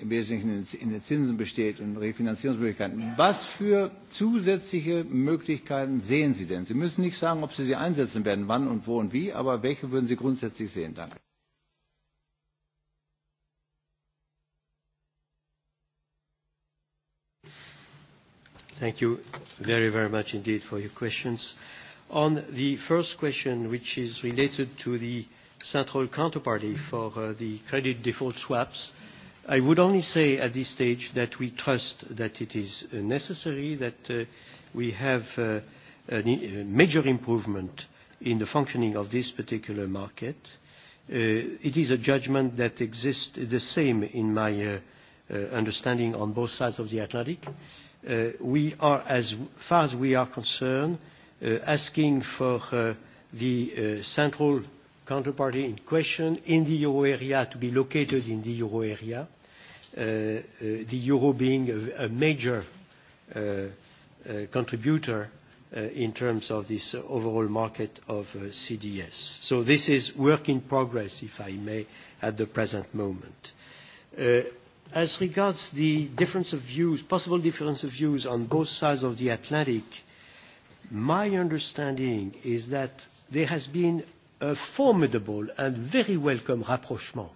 S8: im Wesentlichen in den Zinsen besteht und Refinanzierungsmöglichkeiten, was für zusätzliche Möglichkeiten sehen Sie denn? Sie müssen nicht sagen, ob Sie sie einsetzen werden, wann und wo und wie, aber welche würden Sie grundsätzlich sehen? Danke.
S2: Thank you very, very much indeed for your questions. On the first question, which is related to the central counterparty for the credit default swaps, I would only say at this stage that we trust that it is necessary, that we have a major improvement in the functioning of this particular market. It is a judgment that exists the same in my understanding on both sides of the Atlantic we are, as far as we are concerned, asking for the central counterparty in question in the euro area to be located in the euro area, the euro being a major contributor in terms of this overall market of CDS. So this is work in progress, if I may, at the present moment. As regards the difference of views, possible difference of views on both sides of the Atlantic, my understanding is that there has been a formidable and very welcome rapprochement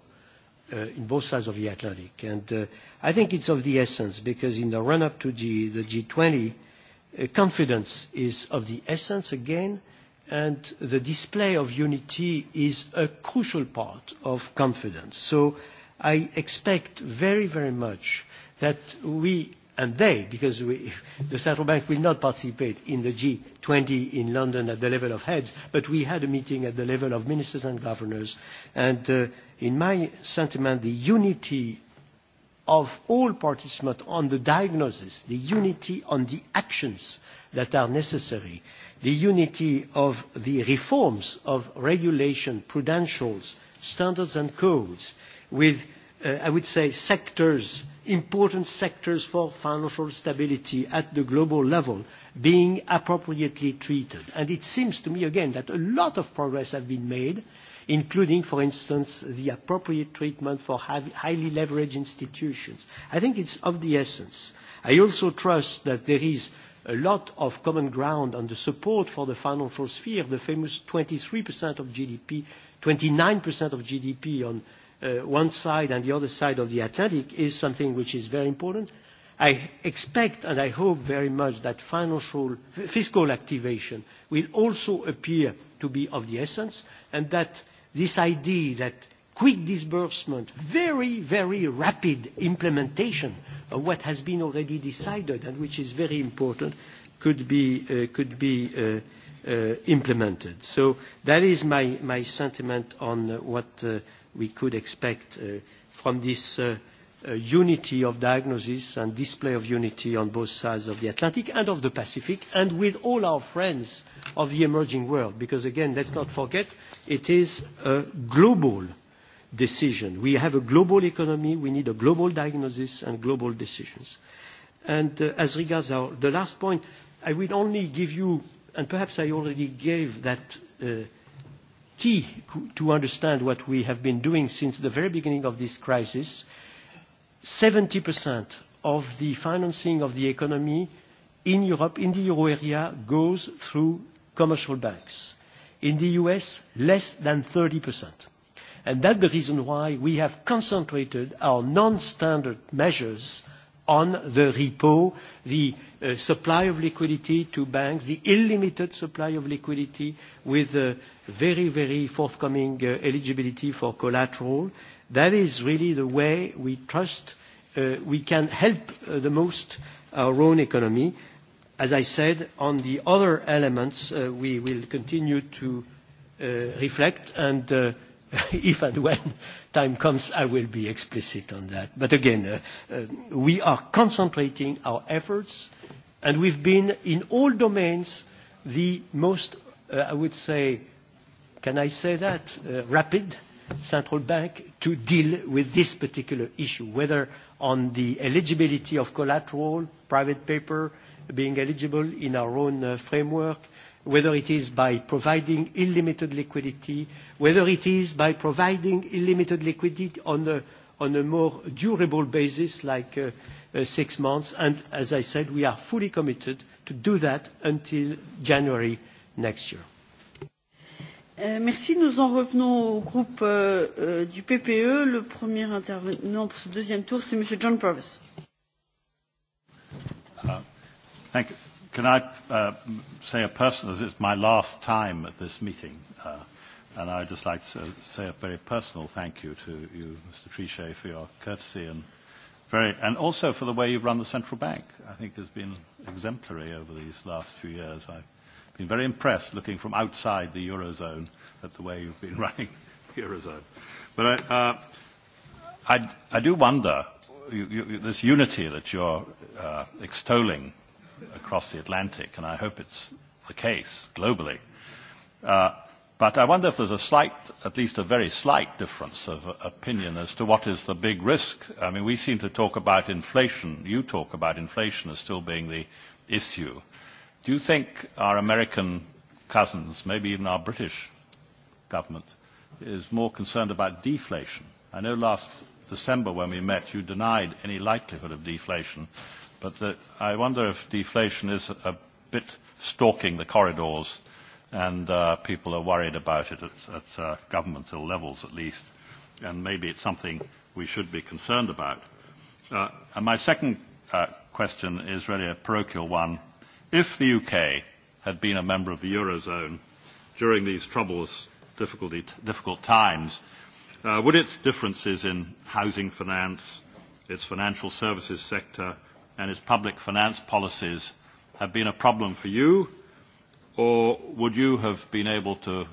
S2: uh, in both sides of the Atlantic. And uh, I think it's of the essence because in the run-up to G, the G20, uh, confidence is of the essence again, and the display of unity is a crucial part of confidence. So I expect very, very much that we and they, because we, the central bank will not participate in the G20 in London at the level of heads, but we had a meeting at the level of ministers and governors. And uh, in my sentiment, the unity of all participants on the diagnosis, the unity on the actions that are necessary, the unity of the reforms of regulation, prudentials, standards and codes, with, uh, I would say, sectors, important sectors for financial stability at the global level being appropriately treated. And it seems to me, again, that a lot of progress has been made, including, for instance, the appropriate treatment for highly leveraged institutions. I think it's of the essence. I also trust that there is a lot of common ground on the support for the financial sphere, the famous 23% of GDP, 29% of GDP on uh, one side and the other side of the Atlantic is something which is very important. I expect and I hope very much that financial, fiscal activation will also appear to be of the essence and that this idea that quick disbursement, very, very rapid implementation of what has been already decided and which is very important could be, uh, could be uh, uh, implemented. So that is my, my sentiment on what uh, we could expect uh, from this uh, uh, unity of diagnosis and display of unity on both sides of the Atlantic and of the Pacific and with all our friends of the emerging world. Because again, let's not forget, it is a global decision. We have a global economy, we need a global diagnosis and global decisions. And uh, as regards our, the last point, I will only give you, and perhaps I already gave that uh, key to understand what we have been doing since the very beginning of this crisis, 70% of the financing of the economy in Europe, in the euro area, goes through commercial banks. In the U.S., less than 30%. That's the reason why we have concentrated our non-standard measures on the repo, the uh, supply of liquidity to banks, the illimited supply of liquidity with a very, very forthcoming uh, eligibility for collateral. That is really the way we trust uh, we can help uh, the most our own economy. As I said, on the other elements, uh, we will continue to uh, reflect and uh, if and when time comes, I will be explicit on that. But again, uh, uh, we are concentrating our efforts, and we've been in all domains the most, uh, I would say, can I say that, uh, rapid central bank to deal with this particular issue, whether on the eligibility of collateral, private paper being eligible in our own uh, framework, uh, whether it is by providing unlimited liquidity, whether it is by providing unlimited liquidity on a, on a more durable basis, like uh, uh, six months. And as I said, we are fully committed to do that until January next year.
S1: Euh, Merci. Nous en revenons au groupe euh, euh, du PPE. Le premier intervenant pour ce deuxième tour, c'est M. John Purvis.
S9: Uh, thank you Can I uh, say a personal, it's my last time at this meeting, uh, and I'd just like to say a very personal thank you to you, Mr. Trichet, for your courtesy and very, and also for the way you've run the central bank. I think has been exemplary over these last few years. I've been very impressed, looking from outside the eurozone, at the way you've been running the eurozone. But I, uh, I, I do wonder you, you, this unity that you're uh, extolling across the Atlantic, and I hope it's the case globally. Uh, but I wonder if there's a slight, at least a very slight difference of opinion as to what is the big risk. I mean, we seem to talk about inflation. You talk about inflation as still being the issue. Do you think our American cousins, maybe even our British government, is more concerned about deflation? I know last December when we met you denied any likelihood of deflation But the, I wonder if deflation is a bit stalking the corridors and uh, people are worried about it at, at uh, governmental levels at least. And maybe it's something we should be concerned about. Uh, and my second uh, question is really a parochial one. If the UK had been a member of the Eurozone during these troubles, difficulty, difficult times, uh, would its differences in housing finance, its financial services sector, and its public finance policies have been a problem for you, or would you have been able to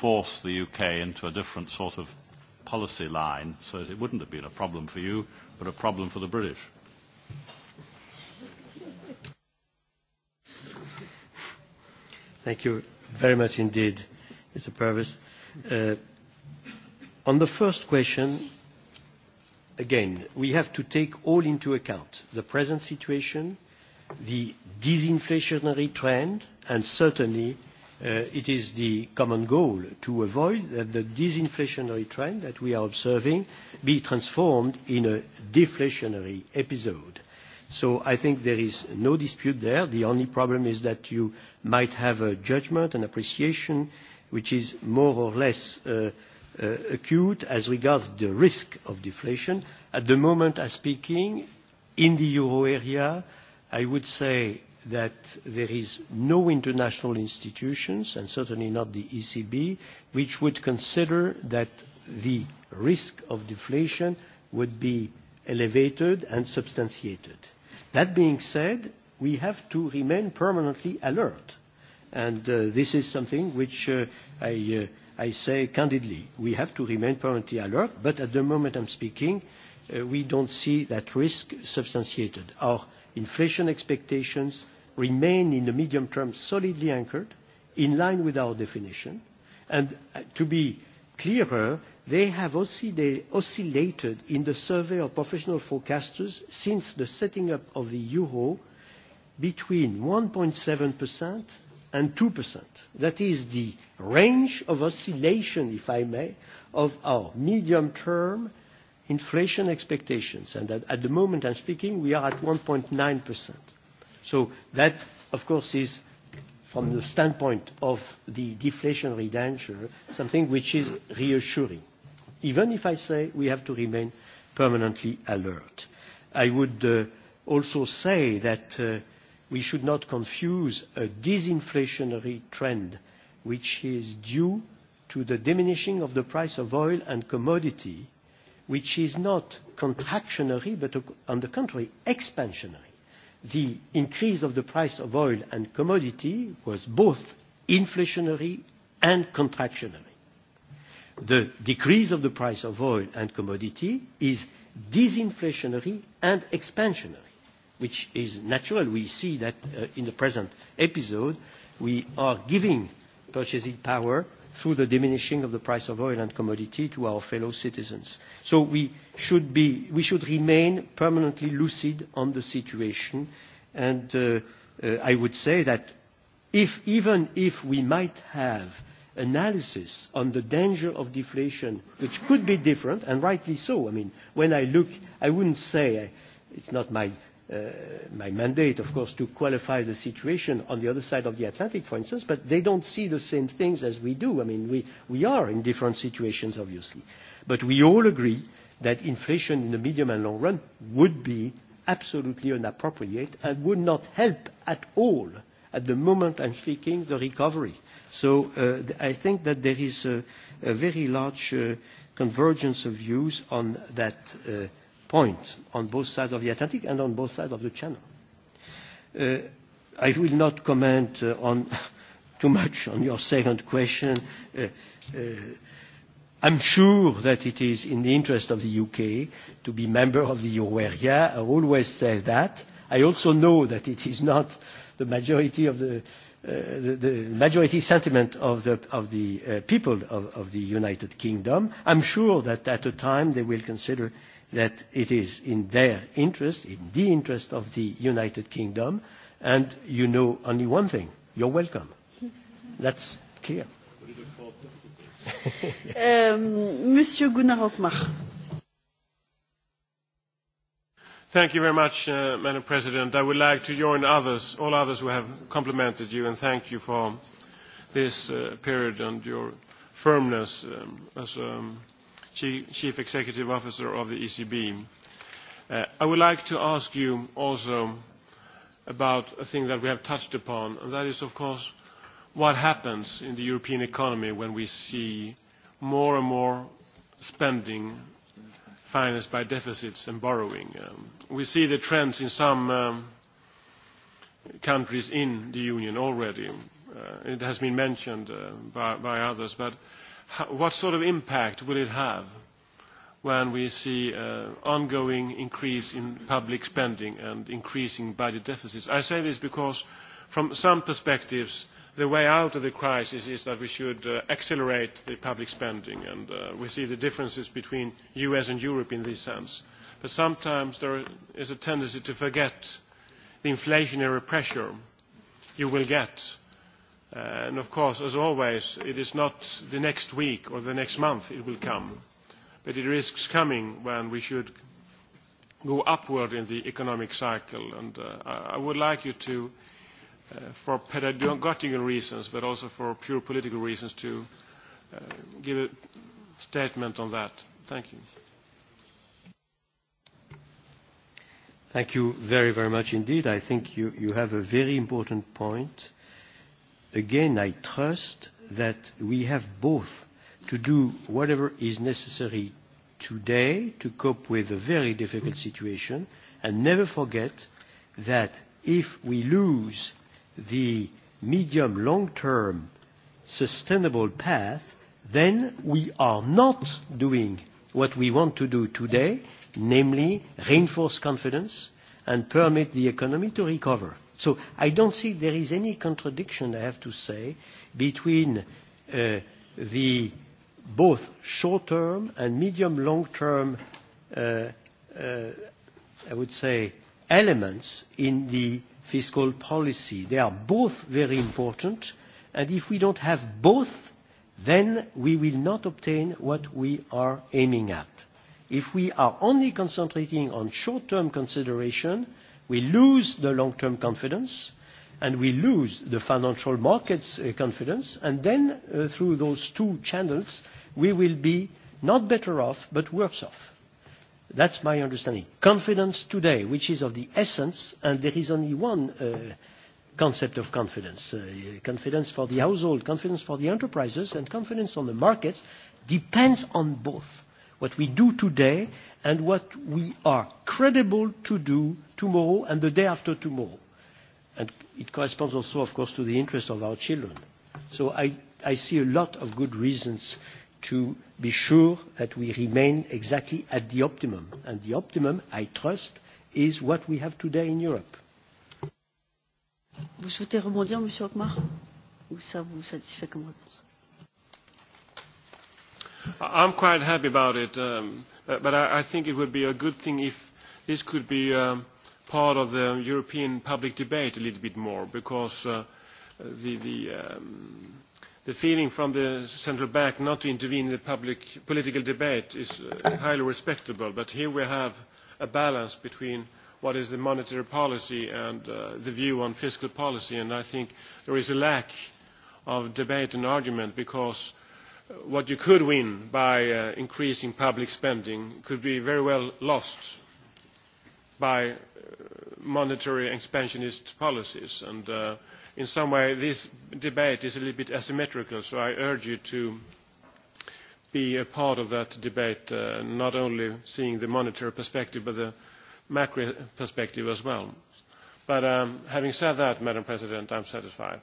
S9: force the UK into a different sort of policy line so that it wouldn't have been a problem for you, but a problem for the British? Thank you
S2: very much indeed, Mr. Purvis. Uh, on the first question, again, we have to take all into account the present situation, the disinflationary trend, and certainly it is the common goal to avoid that the disinflationary trend that we are observing be transformed in a deflationary episode. So I think there is no dispute there. The only problem is that you might have a judgment, an appreciation, which is more or less acute as regards the risk of deflation. At the moment I'm speaking, in the euro area, I would say that there is no international institutions, and certainly not the ECB, which would consider that the risk of deflation would be elevated and substantiated. That being said, we have to remain permanently alert. And uh, this is something which uh, I uh, I say candidly, we have to remain permanently alert, but at the moment I'm speaking, uh, we don't see that risk substantiated. Our inflation expectations remain in the medium term solidly anchored, in line with our definition. And to be clearer, they have oscillated in the survey of professional forecasters since the setting up of the euro between 1.7% and 2%. That is the range of oscillation, if I may, of our medium-term inflation expectations. And at the moment I'm speaking, we are at 1.9%. So that, of course, is from the standpoint of the deflationary danger, something which is reassuring, even if I say we have to remain permanently alert. I would uh also say that uh we should not confuse a disinflationary trend, which is due to the diminishing of the price of oil and commodity, which is not contractionary, but on the contrary, expansionary. The increase of the price of oil and commodity was both inflationary and contractionary. The decrease of the price of oil and commodity is disinflationary and expansionary which is natural. We see that uh, in the present episode, we are giving purchasing power through the diminishing of the price of oil and commodity to our fellow citizens. So we should, be, we should remain permanently lucid on the situation. And uh, uh, I would say that if, even if we might have analysis on the danger of deflation, which could be different, and rightly so. I mean, when I look, I wouldn't say, it's not my uh, my mandate, of course, to qualify the situation on the other side of the Atlantic, for instance, but they don't see the same things as we do. I mean, we, we are in different situations, obviously. But we all agree that inflation in the medium and long run would be absolutely inappropriate and would not help at all, at the moment I'm speaking, the recovery. So uh, I think that there is a, a very large uh, convergence of views on that uh, point on both sides of the Atlantic and on both sides of the Channel. Uh, I will not comment uh, on too much on your second question. Uh, uh, I'm sure that it is in the interest of the UK to be member of the euro area. I always say that. I also know that it is not the majority of the uh, the, the majority sentiment of the, of the uh, people of, of the United Kingdom. I'm sure that at a time they will consider that it is in their interest, in the interest of the United Kingdom, and you know only one thing, you're welcome. That's
S10: clear.
S1: Monsieur Gunnar Hockmar.
S10: Thank you very much, uh, Madam President. I would like to join others, all others who have complimented you and thank you for this uh, period and your firmness um, as um, Chief Executive Officer of the ECB. I would like to ask you also about a thing that we have touched upon, and that is, of course, what happens in the European economy when we see more and more spending financed by deficits and borrowing. We see the trends in some countries in the Union already. It has been mentioned by others, but what sort of impact will it have when we see an ongoing increase in public spending and increasing budget deficits? I say this because from some perspectives, the way out of the crisis is that we should accelerate the public spending, and we see the differences between the U.S. and Europe in this sense. But sometimes there is a tendency to forget the inflationary pressure you will get And Of course, as always, it is not the next week or the next month it will come, but it risks coming when we should go upward in the economic cycle. And I would like you to, for pedagogical reasons, but also for pure political reasons, to give a statement on that. Thank you.
S2: Thank you very, very much indeed. I think you you have a very important point Again, I trust that we have both to do whatever is necessary today to cope with a very difficult situation and never forget that if we lose the medium long term sustainable path, then we are not doing what we want to do today, namely reinforce confidence and permit the economy to recover. So I don't think there is any contradiction, I have to say, between uh, the both short-term and medium-long-term, uh, uh, I would say, elements in the fiscal policy. They are both very important, and if we don't have both, then we will not obtain what we are aiming at. If we are only concentrating on short-term consideration, We lose the long-term confidence, and we lose the financial markets confidence, and then uh, through those two channels, we will be not better off, but worse off. That's my understanding. Confidence today, which is of the essence, and there is only one uh, concept of confidence. Uh, confidence for the household, confidence for the enterprises, and confidence on the markets depends on both what we do today and what we are credible to do tomorrow and the day after tomorrow. And it corresponds also, of course, to the interest of our children. So I, I see a lot of good reasons to be sure that we remain exactly at the optimum. And the optimum, I trust, is what we have today in Europe.
S1: Vous souhaitez rebondir, Monsieur Ockmar Ou ça vous satisfait comme réponse
S10: I'm quite happy about it, um, but I, I think it would be a good thing if this could be um, part of the European public debate a little bit more, because uh, the, the, um, the feeling from the central bank not to intervene in the public political debate is uh, highly respectable, but here we have a balance between what is the monetary policy and uh, the view on fiscal policy, and I think there is a lack of debate and argument because what you could win by increasing public spending could be very well lost by monetary expansionist policies. And in some way, this debate is a little bit asymmetrical, so I urge you to be a part of that debate, not only seeing the monetary perspective, but the macro perspective as well. But having said that, Madam President, am satisfied.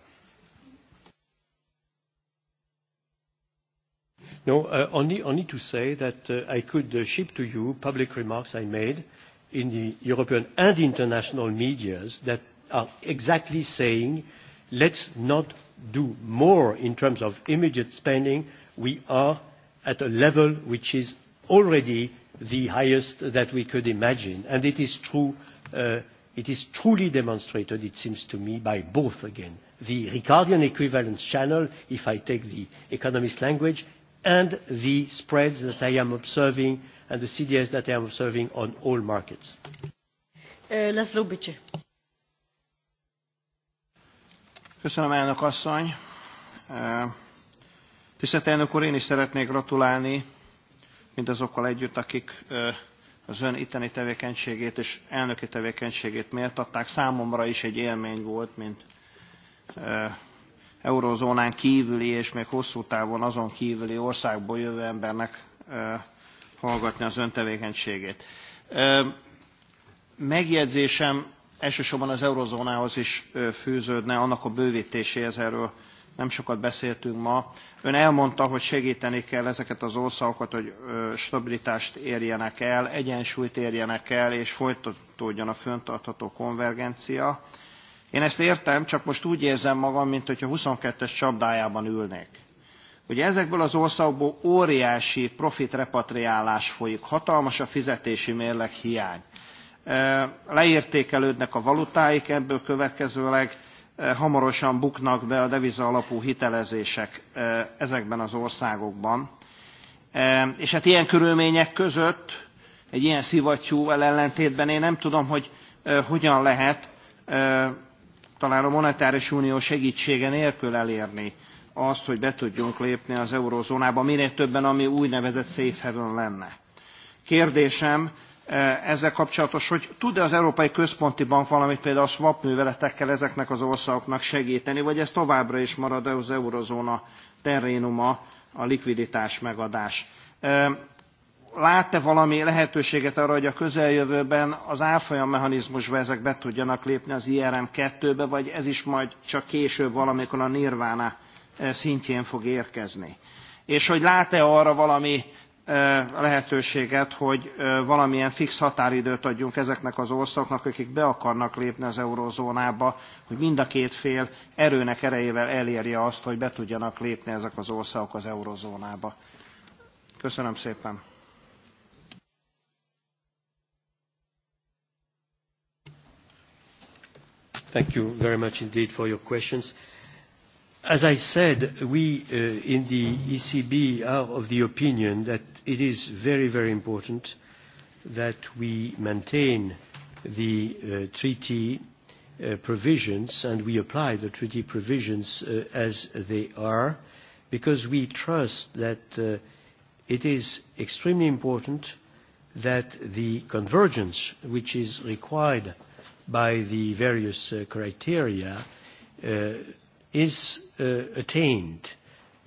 S2: No, uh, only, only to say that uh, I could uh, ship to you public remarks I made in the European and international medias that are exactly saying let's not do more in terms of immediate spending. We are at a level which is already the highest that we could imagine. And it is true, uh, it is truly demonstrated, it seems to me, by both again. The Ricardian equivalence channel, if I take the economist language, and the spreads that I am observing and the CDS that I am observing on all markets.
S1: László Bicsi.
S11: Köszönöm, elnök asszony. Tisztelt elnök úr, én is szeretnék gratulálni mindazokkal együtt, akik az ön itteni tevékenységét és elnöki tevékenységét méltatták. Számomra is egy élmény volt, mint eurozónán kívüli és még hosszú távon azon kívüli országból jövő embernek hallgatni az öntevékenységét. Megjegyzésem elsősorban az eurozónához is fűződne, annak a bővítéséhez erről nem sokat beszéltünk ma. Ön elmondta, hogy segíteni kell ezeket az országokat, hogy stabilitást érjenek el, egyensúlyt érjenek el, és folytatódjon a föntartható konvergencia. Én ezt értem, csak most úgy érzem magam, mint hogyha 22-es csapdájában ülnék. Ugye ezekből az országból óriási profitrepatriálás folyik, hatalmas a fizetési mérleg hiány. Leértékelődnek a valutáik, ebből következőleg hamarosan buknak be a deviza alapú hitelezések ezekben az országokban. És hát ilyen körülmények között, egy ilyen szivattyú ellentétben én nem tudom, hogy hogyan lehet talán a monetáris unió segítsége nélkül elérni azt, hogy be tudjunk lépni az eurozónába, minél többen, ami úgynevezett safe haven lenne. Kérdésem ezzel kapcsolatos, hogy tud-e az Európai Központi Bank valamit például a swap műveletekkel ezeknek az országoknak segíteni, vagy ez továbbra is marad az eurozóna terénuma, a likviditás megadás lát-e valami lehetőséget arra, hogy a közeljövőben az árfolyam mechanizmusba ezek be tudjanak lépni az IRM2-be, vagy ez is majd csak később valamikor a nirvána szintjén fog érkezni. És hogy lát-e arra valami lehetőséget, hogy valamilyen fix határidőt adjunk ezeknek az országoknak, akik be akarnak lépni az eurozónába, hogy mind a két fél erőnek erejével elérje azt, hogy be tudjanak lépni ezek az országok az eurozónába. Köszönöm szépen!
S2: Thank you very much indeed for your questions. As I said, we uh, in the ECB are of the opinion that it is very, very important that we maintain the uh, treaty uh, provisions and we apply the treaty provisions uh, as they are because we trust that uh, it is extremely important that the convergence which is required uh, by the various uh, criteria uh, is uh, attained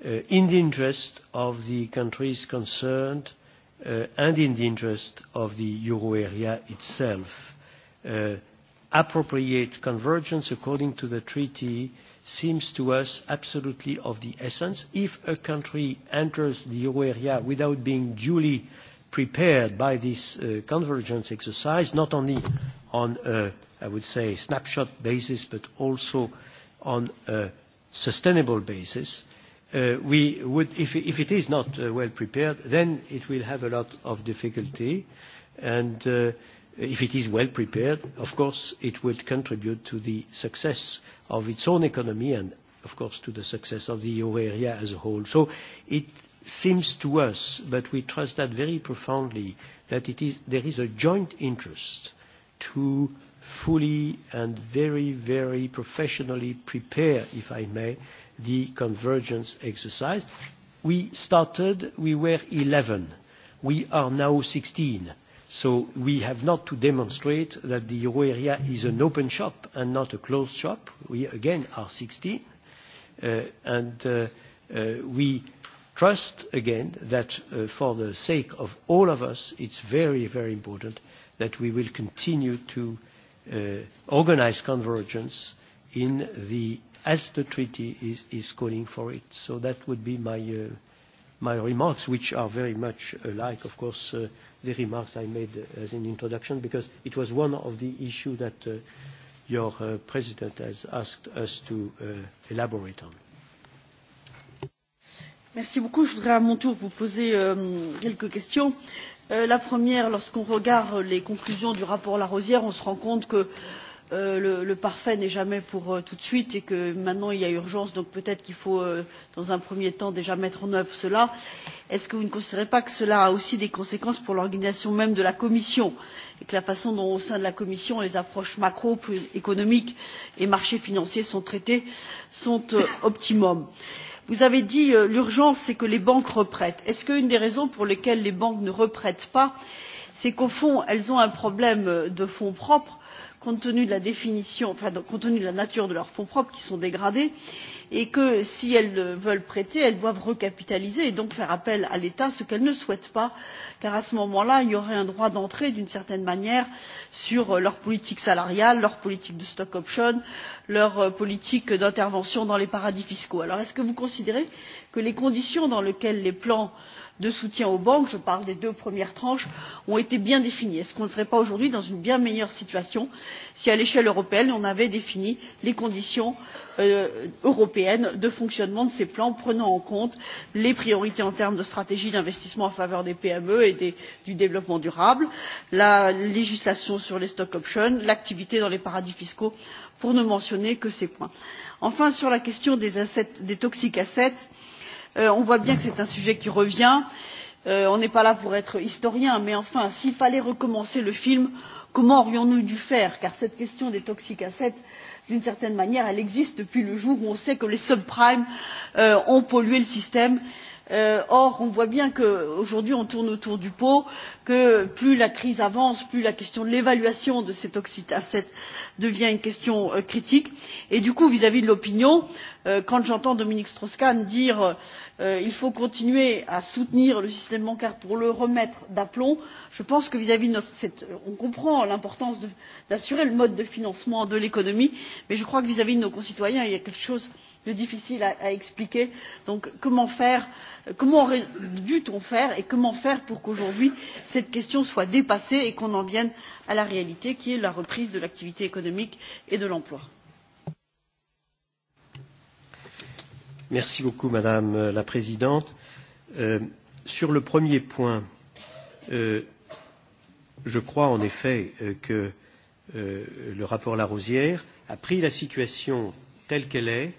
S2: uh, in the interest of the countries concerned uh, and in the interest of the euro area itself. Uh, appropriate convergence according to the treaty seems to us absolutely of the essence. If a country enters the euro area without being duly uh, prepared by this uh, convergence exercise, not only on, a, I would say, snapshot basis, but also on a sustainable basis, uh, we would, if, if it is not uh, well prepared, then it will have a lot of difficulty. And uh, if it is well prepared, of course, it would contribute to the success of its own economy and, of course, to the success of the euro area as a whole. So it seems to us, but we trust that very profoundly, that it is, there is a joint interest to fully and very, very professionally prepare, if I may, the convergence exercise. We started, we were 11. We are now 16. So we have not to demonstrate that the euro area is an open shop and not a closed shop. We again are 16. Uh, and uh, uh, we trust again that uh, for the sake of all of us, it's very, very important that we will continue to uh, organize convergence in the as the treaty is, is calling for it. So that would be my, uh, my remarks, which are very much alike, of course, uh, the remarks I made as an introduction, because it was one of the issues that uh, your uh, president has asked us to uh, elaborate on.
S1: Merci beaucoup. Je voudrais à mon tour vous poser quelques questions. la première, lorsqu'on regarde les conclusions du rapport Larosière, on se rend compte que le, parfait n'est jamais pour tout de suite et que maintenant il y a urgence, donc peut-être qu'il faut dans un premier temps déjà mettre en œuvre cela. Est-ce que vous ne considérez pas que cela a aussi des conséquences pour l'organisation même de la Commission et que la façon dont au sein de la Commission les approches macroéconomiques et et marchés financiers sont traitées est optimum? vous avez dit que l'urgence c'est que les banques reprêtent. est ce qu'une des raisons pour lesquelles les banques ne reprêtent pas c'est qu'au fond elles ont un problème de fonds propres? compte tenu de la nature de leurs fonds propres qui sont dégradés et que si elles veulent prêter elles doivent recapitaliser et donc faire appel à l'état ce qu'elles ne souhaitent pas car à ce moment là il y aurait un droit d'entrée d'une certaine manière sur leur politique salariale leur politique de stock option, leur politique d'intervention dans les paradis fiscaux. alors est ce que vous considérez que les conditions dans lesquelles les plans de soutien aux banques je parle des deux premières tranches ont été bien définies. ne serions nous pas aujourd'hui dans une bien meilleure situation si à l'échelle européenne on avait défini les conditions européennes de fonctionnement de ces plans prenant en compte les priorités en termes de stratégie d'investissement en faveur des pme et du développement durable la législation sur les stock options l'activité dans les paradis fiscaux pour ne mentionner que ces points. enfin sur la question des toxiques assets on voit bien que c'est un sujet qui revient on n'est pas là pour être historien mais enfin s'il fallait recommencer le film comment aurions nous dû faire car cette question des toxicacettes d'une certaine manière elle existe depuis le jour où on sait que les subprimes ont pollué le système. or on voit bien qu'aujourd'hui on tourne autour du pot que plus la crise avance plus la question de l'évaluation de ces toxicacettes devient une question critique et du coup vis à vis de l'opinion quand j'entends dominique strauss kahn dire qu'il faut continuer à soutenir le système bancaire pour le remettre d'aplomb je pense que vis à vis de on comprend l'importance d'assurer le mode de financement de l'économie mais je crois que vis à vis de nos concitoyens il y a quelque chose de difficile à expliquer. donc comment faire comment aurait dû on faire et comment faire pour qu'aujourd'hui cette question soit dépassée et qu'on en vienne à la réalité qui est la reprise de l'activité économique et de l'emploi?
S2: Merci beaucoup, Madame la Présidente. Euh, sur le premier point, euh, je crois en effet euh, que euh, le rapport Larosière a pris la situation telle qu'elle est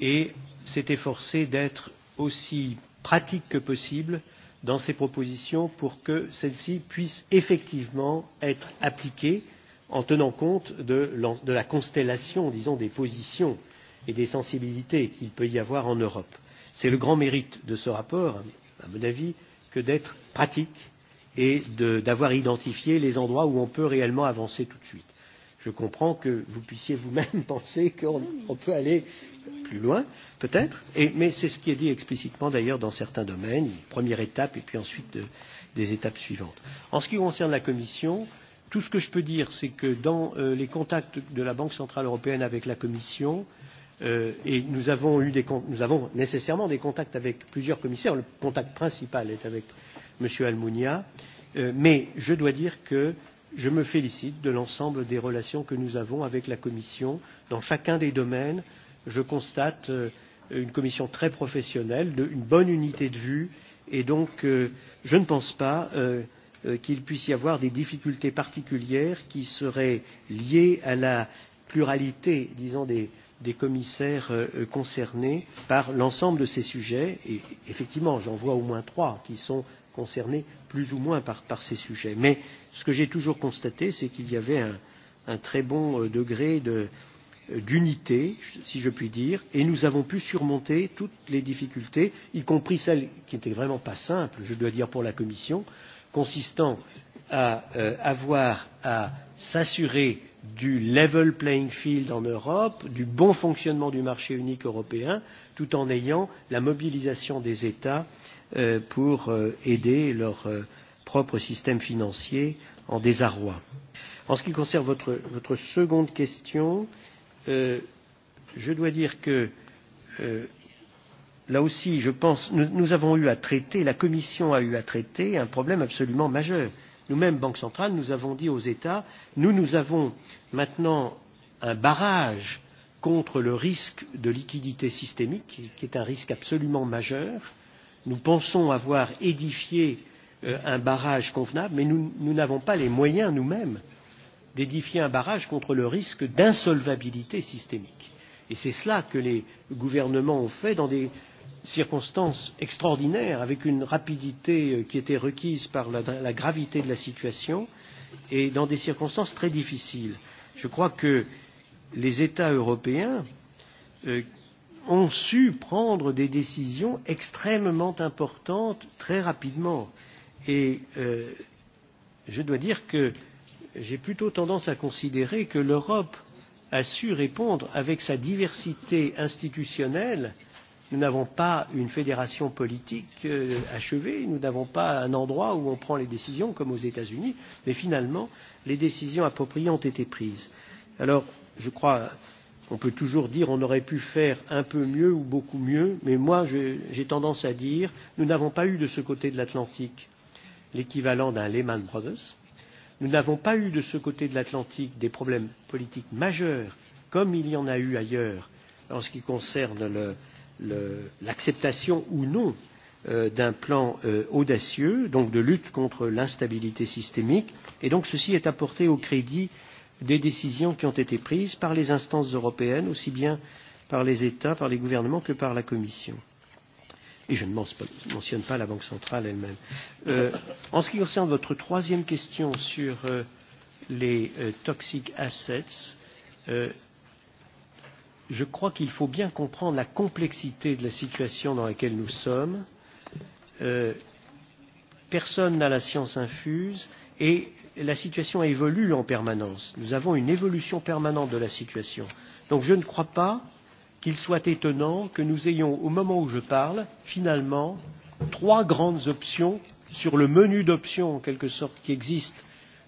S2: et s'est efforcé d'être aussi pratique que possible dans ses propositions pour que celles-ci puissent effectivement être appliquées en tenant compte de, la constellation, disons, des positions et des sensibilités qu'il peut y avoir en Europe. C'est le grand mérite de ce rapport, à mon avis, que d'être pratique et d'avoir identifié les endroits où on peut réellement avancer tout de suite. Je comprends que vous puissiez vous-même penser qu'on peut aller plus loin, peut-être, mais c'est ce qui est dit explicitement d'ailleurs dans certains domaines, première étape et puis ensuite de, des étapes suivantes. En ce qui concerne la Commission, tout ce que je peux dire, c'est que dans euh, les contacts de la Banque centrale européenne avec la Commission, euh, et nous avons, eu des, nous avons nécessairement des contacts avec plusieurs commissaires. Le contact principal est avec M. Almunia. mais je dois dire que je me félicite de l'ensemble des relations que nous avons avec la Commission dans chacun des domaines. Je constate une commission très professionnelle, une bonne unité de vue, et donc je ne pense pas qu'il puisse y avoir des difficultés particulières qui seraient liées à la pluralité, disons, des, des commissaires concernés par l'ensemble de ces sujets. Et effectivement, j'en vois au moins trois qui sont concernés plus ou moins par, par ces sujets. Mais ce que j'ai toujours constaté, c'est qu'il y avait un, un très bon degré de, d'unité, si je puis dire, et nous avons pu surmonter toutes les difficultés, y compris celles qui n'étaient vraiment pas simples, je dois dire, pour la Commission, consistant à euh, avoir à s'assurer du level playing field en Europe, du bon fonctionnement du marché unique européen, tout en ayant la mobilisation des États euh, pour euh, aider leur euh, propre système financier en désarroi. En ce qui concerne votre, votre seconde question, euh, je dois dire que euh, là aussi, je pense, nous, nous avons eu à traiter, la Commission a eu à traiter un problème absolument majeur. Euh, nous-mêmes, Banque centrale, nous avons dit aux États, nous, nous avons maintenant un barrage contre le risque de liquidité systémique, qui est un risque absolument majeur. Nous pensons avoir édifié euh, un barrage convenable, mais nous n'avons pas les moyens nous-mêmes d'édifier un barrage contre le risque d'insolvabilité systémique. Et c'est cela que les gouvernements ont fait dans des circonstances extraordinaires, avec une rapidité qui était requise par la, la gravité de la situation et dans des circonstances très difficiles. Je crois que les États européens euh, ont su prendre des décisions extrêmement importantes très rapidement. Et euh, je dois dire que j'ai plutôt tendance à considérer que l'Europe a su répondre avec sa diversité institutionnelle euh, Nous n'avons pas une fédération politique euh, achevée, nous n'avons pas un endroit où on prend les décisions comme aux États-Unis, mais finalement, les décisions appropriées ont été prises. Alors, je crois, qu'on peut toujours dire qu'on aurait pu faire un peu mieux ou beaucoup mieux, mais moi, j'ai tendance à dire nous n'avons pas eu de ce côté de l'Atlantique l'équivalent d'un Lehman Brothers. Nous n'avons pas eu de ce côté de l'Atlantique des problèmes politiques majeurs comme il y en a eu ailleurs en ce qui concerne le, l'acceptation ou non d'un plan audacieux, donc de lutte contre l'instabilité systémique, et donc ceci est apporté au crédit des décisions qui ont été prises par les instances européennes, aussi bien par les États, par les gouvernements que par la Commission. Et je ne mentionne pas la Banque centrale elle-même. Euh, en ce qui concerne votre troisième question sur euh, les euh, toxic assets, euh, je crois qu'il faut bien comprendre la complexité de la situation dans laquelle nous sommes. Euh, personne n'a la science infuse et la situation évolue en permanence. Nous avons une évolution permanente de la situation. Donc je ne crois pas qu'il soit étonnant que nous ayons, au moment où je parle, finalement, trois grandes options sur le menu d'options, en quelque sorte, qui existe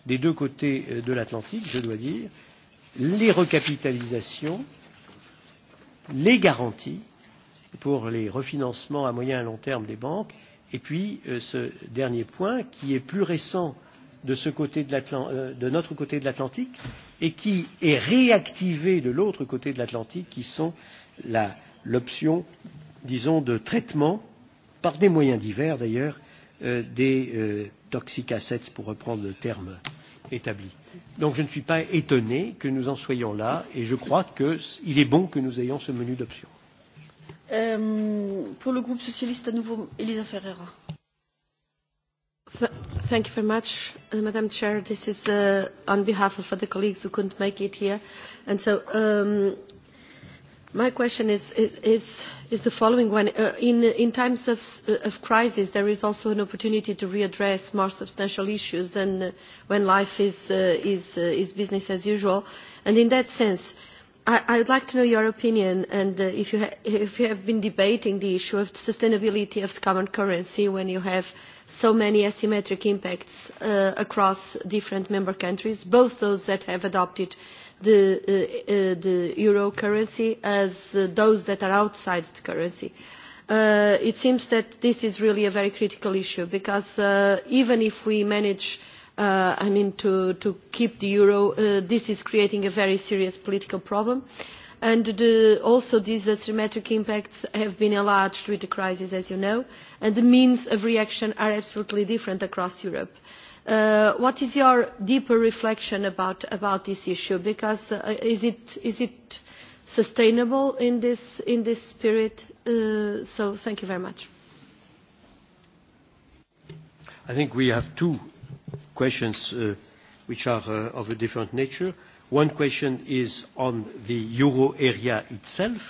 S2: des deux côtés de l'Atlantique, je dois dire, les recapitalisations, les garanties pour les refinancements à moyen et long terme des banques, et puis ce dernier point qui est plus récent de, ce côté de, de notre côté de l'Atlantique et qui est réactivé de l'autre côté de l'Atlantique, qui sont l'option, disons, de traitement par des moyens divers d'ailleurs euh, des euh, toxic assets, pour reprendre le terme euh, établi. Donc je ne suis pas étonné que nous en soyons là et je crois qu'il est bon que nous ayons ce menu d'options.
S1: Euh, pour le groupe socialiste, à nouveau, Elisa Ferreira.
S6: thank you very much, uh, Madam Chair. This is uh, on behalf of other colleagues who couldn't make it here. And so um, My question is, is, is the following one. Uh, in, in times of, of crisis, there is also an opportunity to readdress more substantial issues than uh, when life is, uh, is, uh, is business as usual. And in that sense, I, I would like to know your opinion and uh, if, you ha if you have been debating the issue of the sustainability of the common currency when you have so many asymmetric impacts uh, across different member countries, both those that have adopted uh, the, uh, uh, the euro currency as uh, those that are outside the currency. Uh, it seems that this is really a very critical issue because uh, even if we manage uh, I mean, to, to keep the euro, uh, this is creating a very serious political problem. And the, also these asymmetric impacts have been enlarged with the crisis, as you know, and the means of reaction are absolutely different across Europe. Uh, what is your deeper reflection about, this issue? Because uh, is, it, is it sustainable in this, in this spirit? Uh, so thank you very much.
S2: I think we have two questions uh, which are uh, of a different nature. One question is on the euro area itself,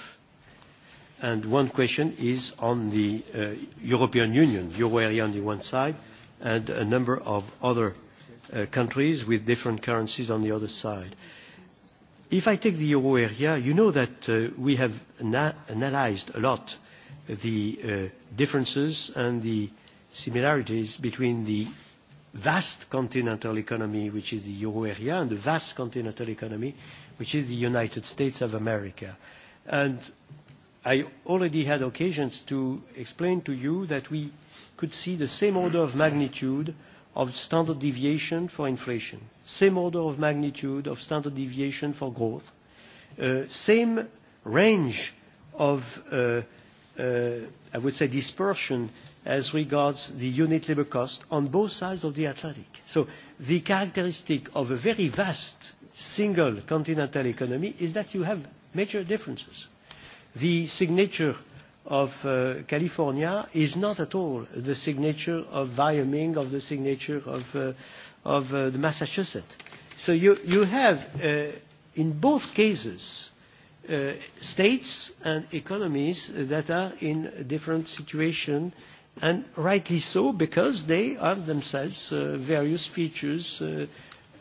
S2: and one question is on the uh, European Union, euro area on the one side, and a number of other uh, countries with different currencies on the other side. If I take the euro area, you know that uh, we have na- analyzed a lot the uh, differences and the similarities between the vast continental economy, which is the euro area, and the vast continental economy, which is the United States of America. And I already had occasions to explain to you that we could see the same order of magnitude of standard deviation for inflation, same order of magnitude of standard deviation for growth, uh, same range of, uh, uh, I would say, dispersion as regards the unit labor cost on both sides of the Atlantic. So the characteristic of a very vast single continental economy is that you have major differences. The signature of uh, California is not at all the signature of Wyoming, of the signature of, uh, of uh, Massachusetts. So you, you have, uh, in both cases, uh, states and economies that are in different situations, and rightly so, because they have themselves uh, various features. Uh,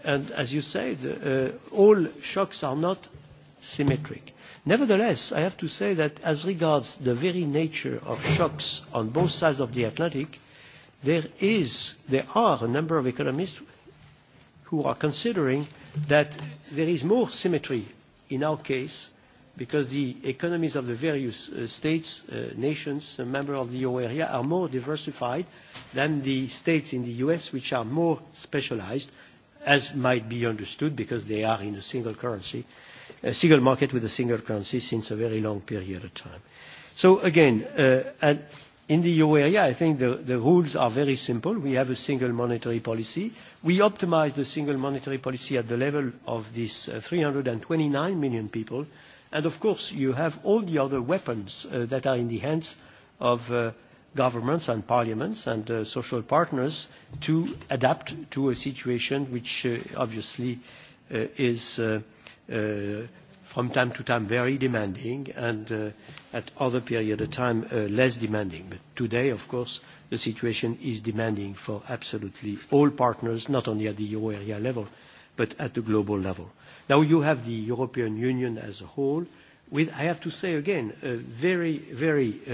S2: and as you said, uh, all shocks are not symmetric. Nevertheless, I have to say that as regards the very nature of shocks on both sides of the Atlantic, there, is, there are a number of economists who are considering that there is more symmetry in our case because the economies of the various uh, states, uh, nations, uh, members of the euro area are more diversified than the states in the US which are more specialized, as might be understood because they are in a single currency a single market with a single currency since a very long period of time. So again, uh, and in the euro area, I think the, the rules are very simple. We have a single monetary policy. We optimize the single monetary policy at the level of these uh, 329 million people. And of course, you have all the other weapons uh, that are in the hands of uh, governments and parliaments and uh, social partners to adapt to a situation which uh, obviously uh, is. Uh, uh, from time to time very demanding and uh, at other periods of time uh, less demanding. But today, of course, the situation is demanding for absolutely all partners, not only at the euro area level, but at the global level. Now you have the European Union as a whole, with, I have to say again, a very, very uh,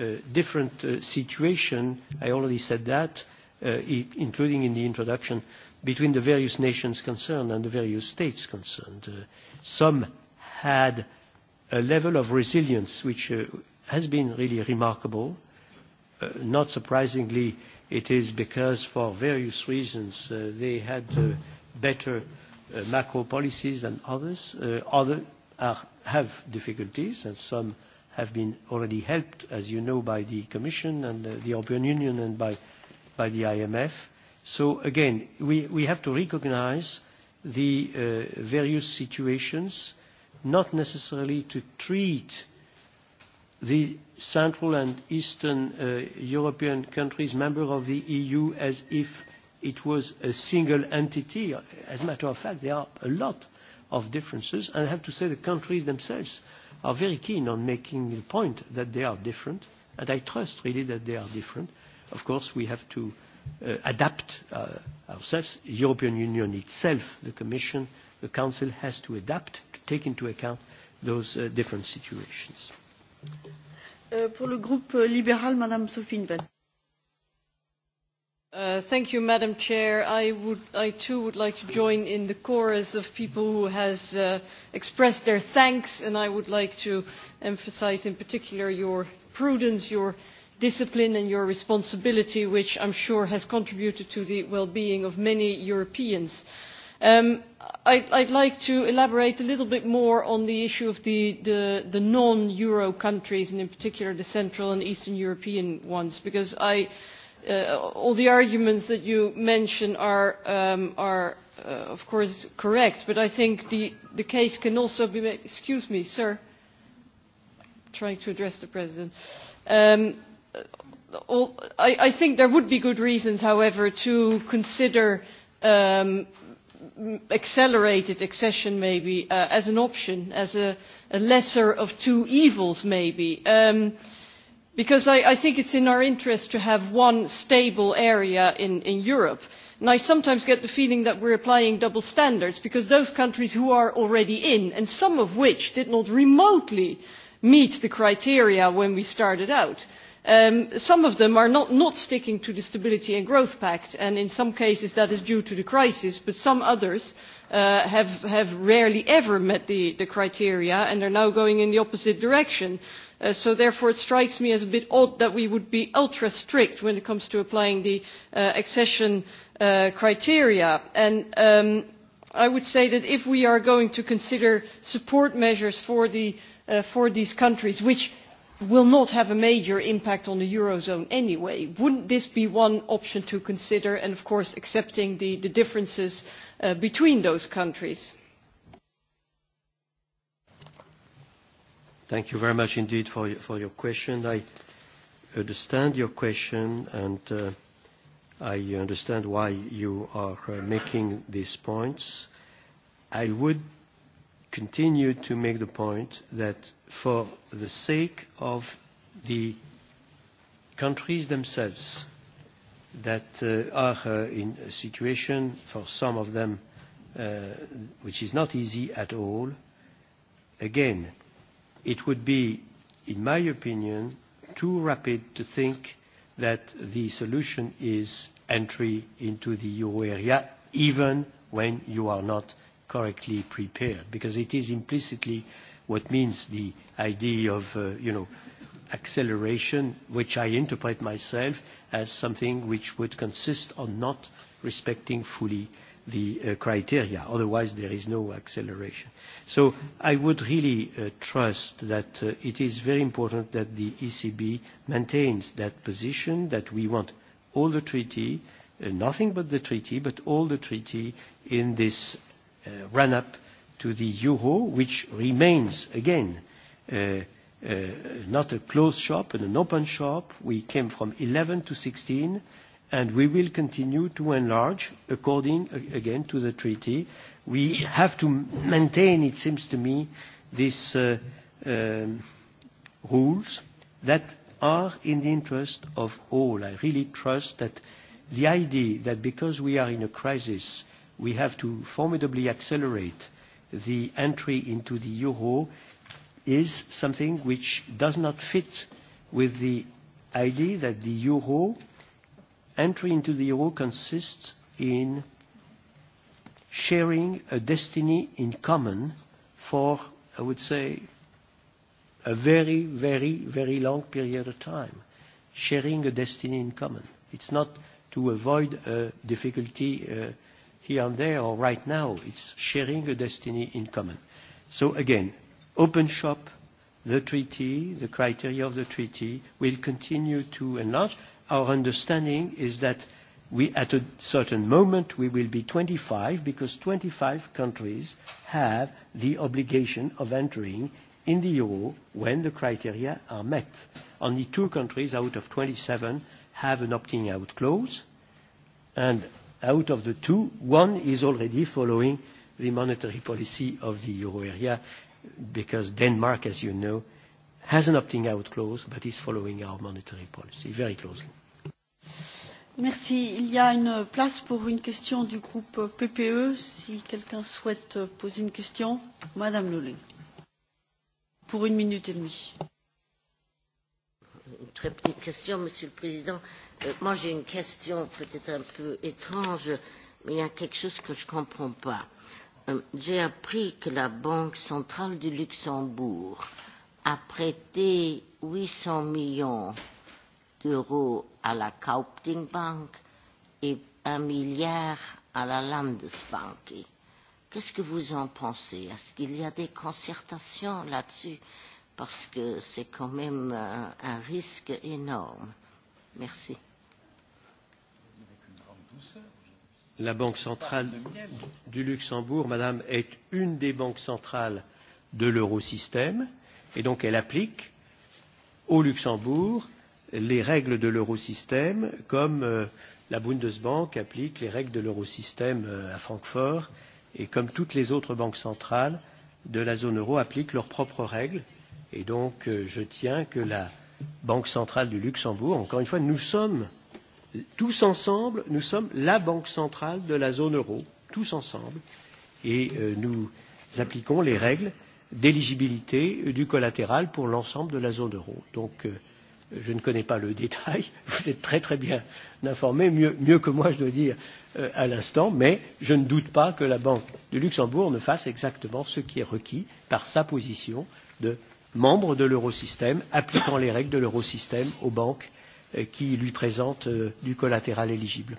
S2: uh, different uh, situation. I already said that, uh, including in the introduction, uh, between the various nations concerned and the various states concerned. Uh, some had a level of resilience which uh, has been really remarkable. Uh, not surprisingly, it is because for various reasons uh, they had uh, better uh, macro policies than others. Uh, others are, have difficulties and some have been already helped, as you know, by the Commission and uh, the European Union and by, by the IMF. So again, we, we have to recognize the uh, various situations, not necessarily to treat the Central and Eastern uh, European countries, member of the EU, as if it was a single entity. As a matter of fact, there are a lot of differences, and I have to say the countries themselves are very keen on making the point that they are different, and I trust really that they are different. Of course, we have to uh, adapt uh, ourselves. The European Union itself, the Commission, the Council has to adapt to take into account those uh, different situations.
S1: Uh, pour le groupe libéral, Madame Sophie Invest.
S12: Uh, thank you, Madam Chair. I, would, I too would like to join in the chorus of people who has uh, expressed their thanks, and I would like to emphasize in particular your prudence, your discipline and your responsibility, which I am sure has contributed to the well-being of many Europeans. I would like to elaborate a little bit more on the issue of the, non-euro countries, and in particular the Central and Eastern European ones, because I, all the arguments that you mention are, are of course correct, but I think the, the case can also be made. Excuse me, sir. I am trying to address the President. Um, I, I think there would be good reasons, however, to consider um, accelerated accession maybe uh, as an option, as a, a lesser of two evils maybe. Um, because I, I think it's in our interest to have one stable area in, in Europe. And I sometimes get the feeling that we're applying double standards because those countries who are already in, and some of which did not remotely meet the criteria when we started out, some of them are not sticking to the stability and growth pact and in some cases that is due to the crisis but some others have rarely ever met the criteria and are now going in the opposite direction. so therefore it strikes me as a bit odd that we would be ultra strict when it comes to applying the accession criteria. i would say that if we are going to consider support measures for these countries which will not have a major impact on the eurozone anyway. Wouldn't this be one option to consider and of course accepting the, the differences between those countries?
S2: Thank you very much indeed for your, for your question. I understand your question and uh, I understand why you are uh, making these points. I would continue to make the point that for the sake of the countries themselves that uh, are uh, in a situation, for some of them, uh, which is not easy at all, again, it would be, in my opinion, too rapid to think that the solution is entry into the euro area, even when you are not correctly prepared, because it is implicitly what means the idea of, uh, you know, acceleration, which I interpret myself as something which would consist on not respecting fully the uh, criteria. Otherwise, there is no acceleration. So I would really uh, trust that uh, it is very important that the ECB maintains that position that we want all the treaty, uh, nothing but the treaty, but all the treaty in this run up to the euro, which remains, again, uh, uh, not a closed shop and an open shop. We came from 11 to 16, and we will continue to enlarge according, again, to the treaty. We have to maintain, it seems to me, these uh, um, rules that are in the interest of all. I really trust that the idea that because we are in a crisis, uh, we have to formidably accelerate the entry into the euro is something which does not fit with the idea that the euro, entry into the euro consists in sharing a destiny in common for, I would say, a very, very, very long period of time. Sharing a destiny in common. It's not to avoid a difficulty uh, here and there or right now. It's sharing a destiny in common. So again, open shop, the treaty, the criteria of the treaty will continue to enlarge. Our understanding is that we, at a certain moment, we will be 25 because 25 countries have the obligation of entering in the euro when the criteria are met. Only two countries out of 27 have an opting out clause, and out of the two, one is already following the monetary policy of the euro area because Denmark, as you know, has an opting out clause but is following our monetary policy very closely.
S1: Merci. Il y a une place pour une question du groupe PPE si quelqu'un souhaite poser une question. Madame Lolling,
S13: pour une minute et demie une très petite question, Monsieur le Président. Euh, moi, j'ai une question peut-être un peu étrange, mais il y a quelque chose que je ne comprends pas. Euh, j'ai appris que la Banque centrale du Luxembourg a prêté 800 millions d'euros à la Kaupting Bank et un milliard à la Landesbank. Qu'est-ce que vous en pensez Est-ce qu'il y a des concertations là-dessus parce que c'est quand même un, un risque énorme. Merci.
S2: La Banque centrale du Luxembourg, Madame, est une des banques centrales de l'eurosystème et donc elle applique au Luxembourg les règles de l'eurosystème comme euh, la Bundesbank applique les règles de l'eurosystème à Francfort et comme toutes les autres banques centrales de la zone euro appliquent leurs propres règles Et donc, euh, je tiens que la Banque centrale du Luxembourg, encore une fois, nous sommes tous ensemble, nous sommes la Banque centrale de la zone euro, tous ensemble, et euh, nous appliquons les règles d'éligibilité du collatéral pour l'ensemble de la zone euro. Donc, euh, je ne connais pas le détail, vous êtes très très bien informé, mieux, mieux que moi je dois dire euh, à l'instant, mais je ne doute pas que la Banque du Luxembourg ne fasse exactement ce qui est requis par sa position de membre de l'eurosystème, appliquant les règles de l'eurosystème aux banques qui lui présentent du collatéral éligible.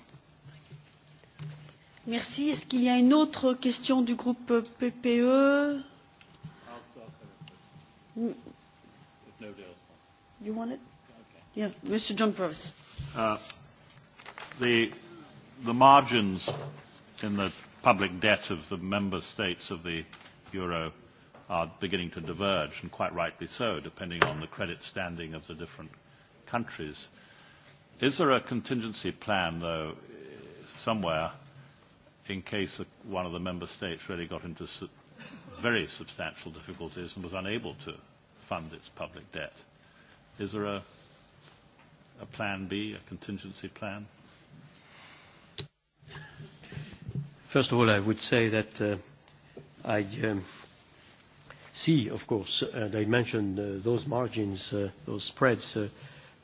S1: Merci. Est-ce qu'il y a une autre question du groupe PPE You want it? Yeah, Mr. John Purvis.
S9: Uh, the, the margins in the public debt of the member states of the euro are beginning to diverge, and quite rightly so, depending on the credit standing of the different countries. Is there a contingency plan, though, somewhere in case one of the member states really got into very substantial difficulties and was unable to fund its public debt? Is there a, a plan B, a contingency plan?
S2: First of all, I would say that uh, I. Um, see, of course, and I mentioned uh, those margins, uh, those spreads uh,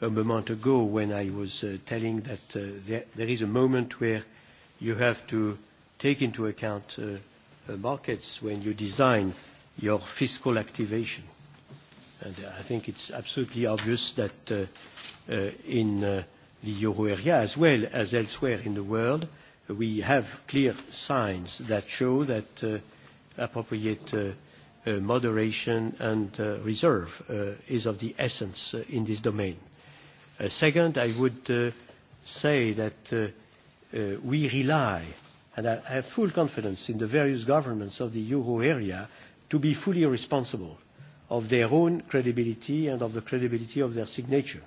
S2: a moment ago when I was uh, telling that uh, there, there is a moment where you have to take into account uh, uh, markets when you design your fiscal activation. And I think it's absolutely obvious that uh, uh, in uh, the euro area, as well as elsewhere in the world, we have clear signs that show that uh, appropriate uh, moderation and reserve is of the essence in this domain. second, I would say that we rely, and I have full confidence in the various governments of the euro area to be fully responsible of their own credibility and of the credibility of their signature.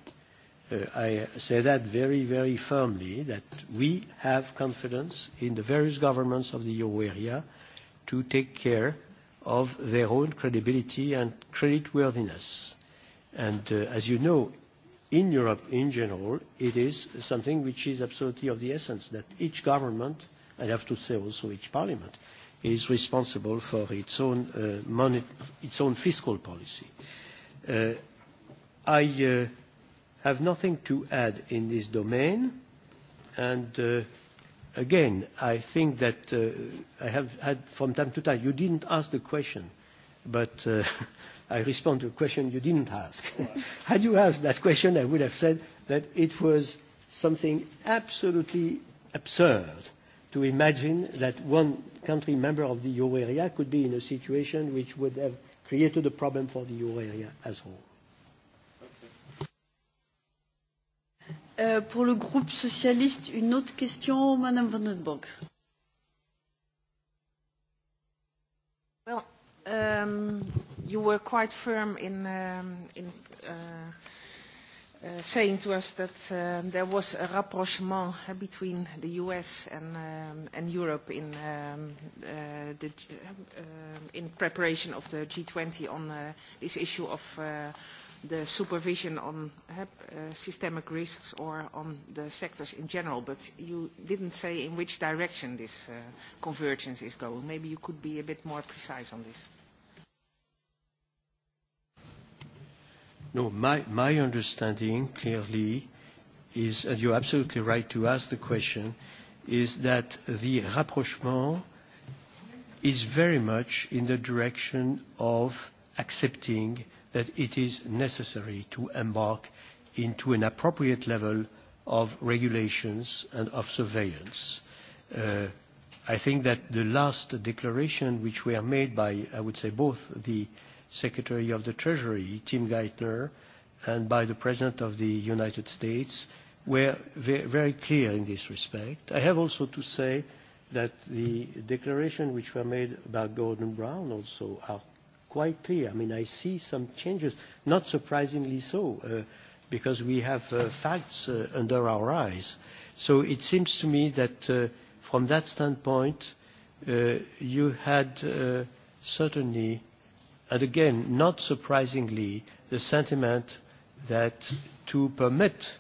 S2: I say that very, very firmly, that we have confidence in the various governments of the euro area to take care of their own credibility and creditworthiness. And uh, as you know, in Europe in general, it is something which is absolutely of the essence that each government, and I have to say also each parliament, is responsible for its own, uh, money, its own fiscal policy. Uh, I uh, have nothing to add in this domain, and uh, again, I think that uh, I have had from time to time, you didn't ask the question, but uh, I respond to a question you didn't ask. had you asked that question, I would have said that it was something absolutely absurd to imagine that one country member of the euro area could be in a situation which would have created a problem for the euro area as a whole.
S1: Euh, pour le groupe socialiste, une autre question, Madame Vandenborg.
S7: Well, um, you were quite firm in, um, in uh, uh, saying to us that uh, there was a rapprochement between the US and, um, and Europe in, um, uh, the, uh, in preparation of the G20 on uh, this issue of uh, the supervision on systemic risks or on the sectors in general, but you didn't say in which direction this convergence is going. Maybe you could be a bit more precise on this.
S2: No, my, my understanding clearly is, and you're absolutely right to ask the question, is that the rapprochement is very much in the direction of accepting that it is necessary to embark into an appropriate level of regulations and of surveillance. Uh, I think that the last declaration which were made by, I would say, both the Secretary of the Treasury, Tim Geithner, and by the President of the United States were very clear in this respect. I have also to say that the declaration which were made by Gordon Brown also are quite clear. I mean, I see some changes, not surprisingly so, uh, because we have uh, facts uh, under our eyes. So it seems to me that uh, from that standpoint, uh, you had uh, certainly, and again, not surprisingly, the sentiment that to permit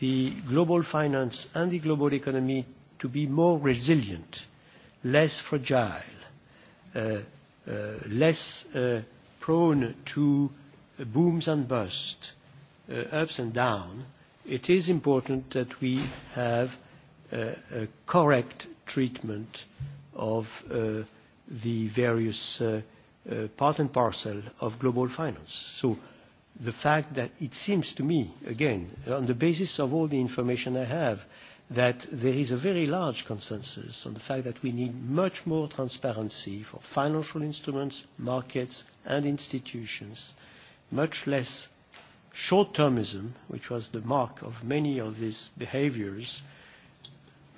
S2: the global finance and the global economy to be more resilient, less fragile, uh, less prone to booms and busts, ups and downs, it is important that we have a correct treatment of the various part and parcel of global finance. So the fact that it seems to me, again, on the basis of all the information I have, that there is a very large consensus on the fact that we need much more transparency for financial instruments, markets, and institutions, much less short-termism, which was the mark of many of these behaviors,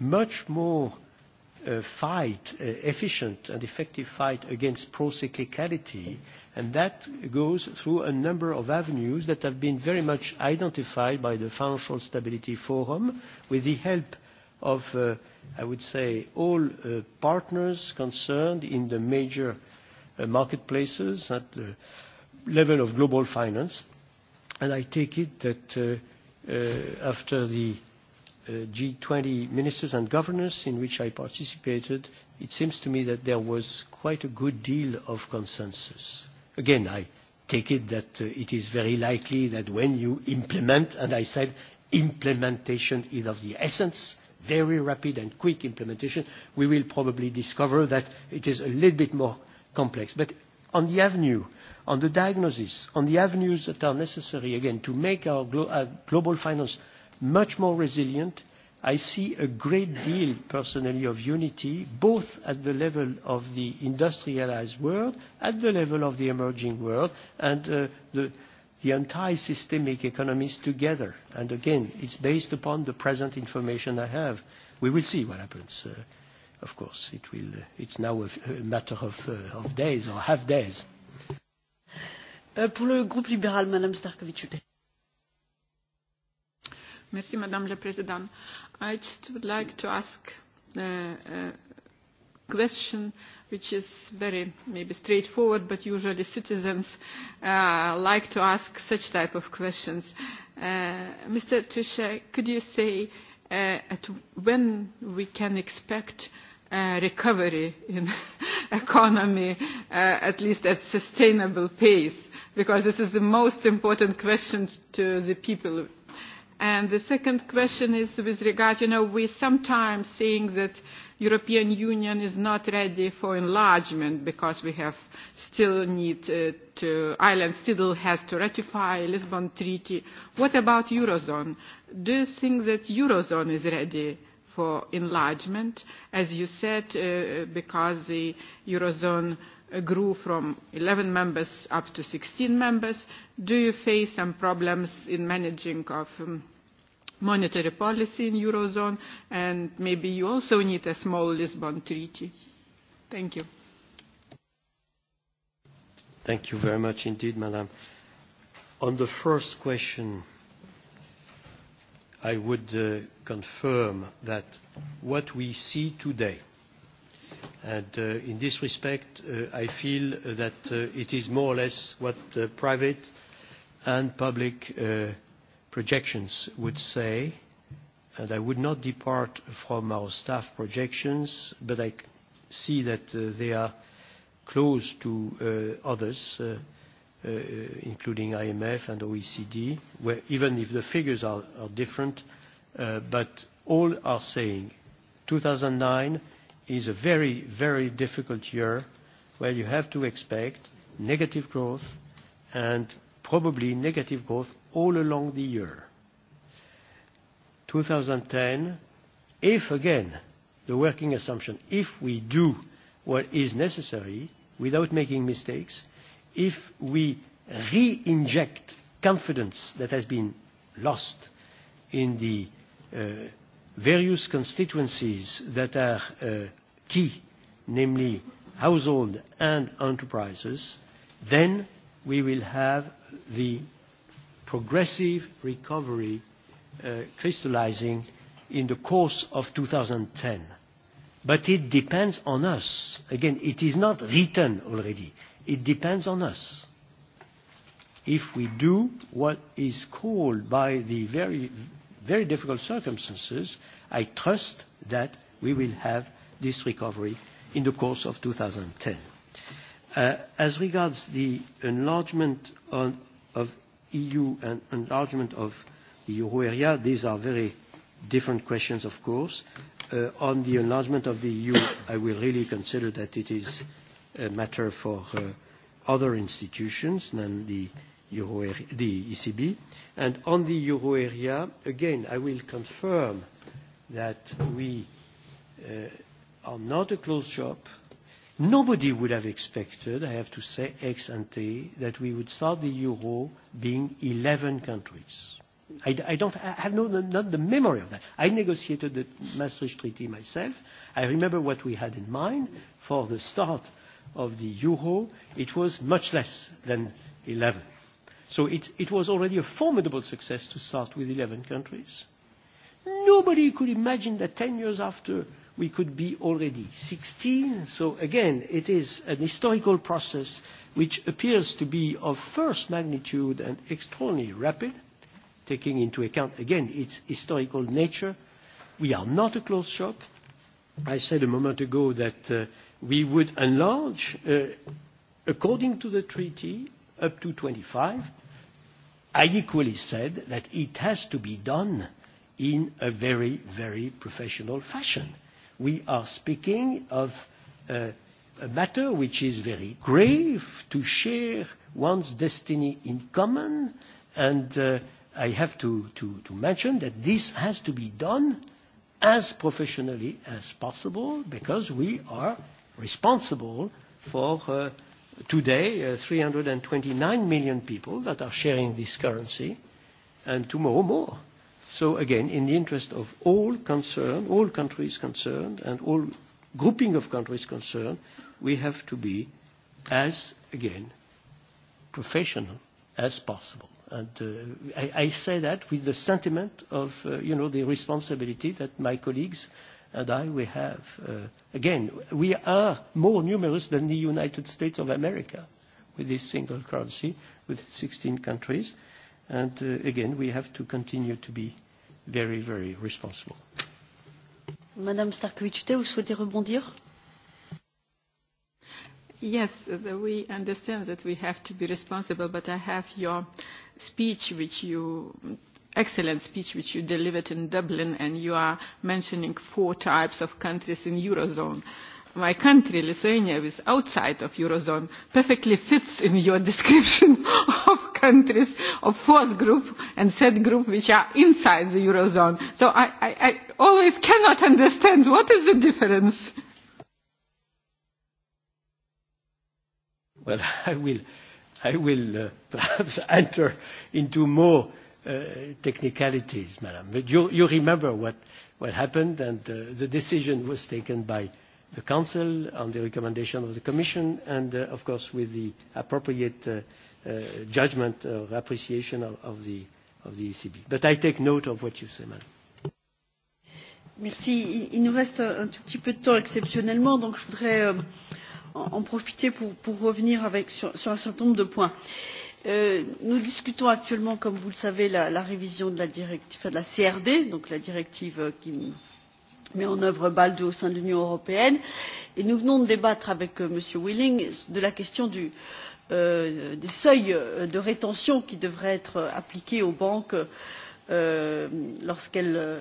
S2: much more uh, fight, uh, efficient and effective fight against pro-cyclicality. And that goes through a number of avenues that have been very much identified by the Financial Stability Forum with the help of, uh, I would say, all uh, partners concerned in the major uh, marketplaces at the level of global finance. And I take it that uh, uh, after the G20 ministers and governors in which I participated, it seems to me that there was quite a good deal of consensus. Again, I take it that uh, it is very likely that when you implement, and I said implementation is of the essence, very rapid and quick implementation, we will probably discover that it is a little bit more complex. But on the avenue, on the diagnosis, on the avenues that are necessary, again, to make our, glo- our global finance much more resilient. I see a great deal, personally, of unity, both at the level of the industrialized world, at the level of the emerging world, and uh, the, the entire systemic economies together. And again, it's based upon the present information I have. We will see what happens. Uh, of course, it will, uh, it's now a, a matter of, uh, of days or half days.
S1: Uh, pour le groupe libéral, Madame Starkovic.
S13: Merci, Madame la President. I just would like to ask a question which is very maybe straightforward, but usually citizens uh, like to ask such type of questions. Uh, Mr. Trichet, could you say uh, at when we can expect uh, recovery in economy, uh, at least at sustainable pace? Because this is the most important question to the people And the second question is with regard, you know, we sometimes seeing that European Union is not ready for enlargement because we have still need uh, to, Ireland still has to ratify Lisbon Treaty. What about Eurozone? Do you think that Eurozone is ready for enlargement, as you said, uh, because the Eurozone uh, grew from 11 members up to 16 members. Do you face some problems in managing of um, monetary policy in Eurozone? And maybe you also need a small Lisbon treaty. Thank you.
S2: Thank you very much indeed, Madam. On the first question, I would uh, confirm that what we see today – And uh, in this respect, uh, I feel that uh, it is more or less what uh, private and public uh, projections would say. And I would not depart from our staff projections, but I see that uh, they are close to uh, others, uh, uh, including IMF and OECD, where even if the figures are, are different, uh, but all are saying 2009 is a very, very difficult year where you have to expect negative growth and probably negative growth all along the year. 2010, if again, the working assumption, if we do what is necessary without making mistakes, if we re-inject confidence that has been lost in the uh, various constituencies that are uh, key, namely household and enterprises, then we will have the progressive recovery uh, crystallizing in the course of 2010. But it depends on us. Again, it is not written already. It depends on us. If we do what is called by the very, very difficult circumstances, I trust that we will have this recovery in the course of 2010. As regards the enlargement of EU and enlargement of the euro area, these are very different questions, of course. On the enlargement of the EU, I will really consider that it is a matter for other institutions than the euro the ECB. And on the euro area, again, I will confirm that we are not a closed shop. Nobody would have expected, I have to say, ex ante, that we would start the euro being 11 countries. I, I don't I have no, not the memory of that. I negotiated the Maastricht Treaty myself. I remember what we had in mind for the start of the euro. It was much less than 11. So it, it was already a formidable success to start with 11 countries. Nobody could imagine that 10 years after we could be already 16. So again, it is an historical process which appears to be of first magnitude and extraordinarily rapid, taking into account, again, its historical nature. We are not a closed shop. I said a moment ago that uh, we would enlarge, uh, according to the treaty, up to 25. I equally said that it has to be done in a very, very professional fashion we are speaking of a, a matter which is very grave to share one's destiny in common and uh, I have to, to, to mention that this has to be done as professionally as possible because we are responsible for uh, today uh, 329 million people that are sharing this currency and tomorrow more So again, in the interest of all concerned, all countries concerned, and all grouping of countries concerned, we have to be as, again, professional as possible. And uh, I, I say that with the sentiment of, uh, you know, the responsibility that my colleagues and I, we have. Uh, again, we are more numerous than the United States of America with this single currency, with 16 countries. And uh, again, we have to continue to be very, very responsible.
S13: Madame
S1: Starkovic, vous souhaitez rebondir?
S13: Yes, we understand that we have to be responsible, but I have your speech, which you excellent speech which you delivered in Dublin, and you are mentioning four types of countries in eurozone. My country, Lithuania, is outside of eurozone, perfectly fits in your description countries of fourth group and third group which are inside the Eurozone. So I, I, I always cannot understand what is the difference.
S2: Well, I will, I will uh, perhaps enter into more uh, technicalities, madam. But you, you remember what, what happened, and uh, the decision was taken by the Council on the recommendation of the Commission, and uh, of course with the appropriate uh, judgment or appreciation of, of, the, of the ECB. But I take note of what you say, madam.
S1: Merci. Il nous reste un tout petit peu de temps exceptionnellement, donc je voudrais en profiter pour, pour revenir avec, sur, sur un certain nombre de points. Euh, nous discutons actuellement, comme vous le savez, la, la révision de la, directive, enfin, de la CRD, donc la directive qui met en œuvre BAL2 au sein de l'union européenne et nous venons de débattre avec m. Willing de la question du, euh, des seuils de rétention qui devraient être appliqués aux banques lorsqu'elles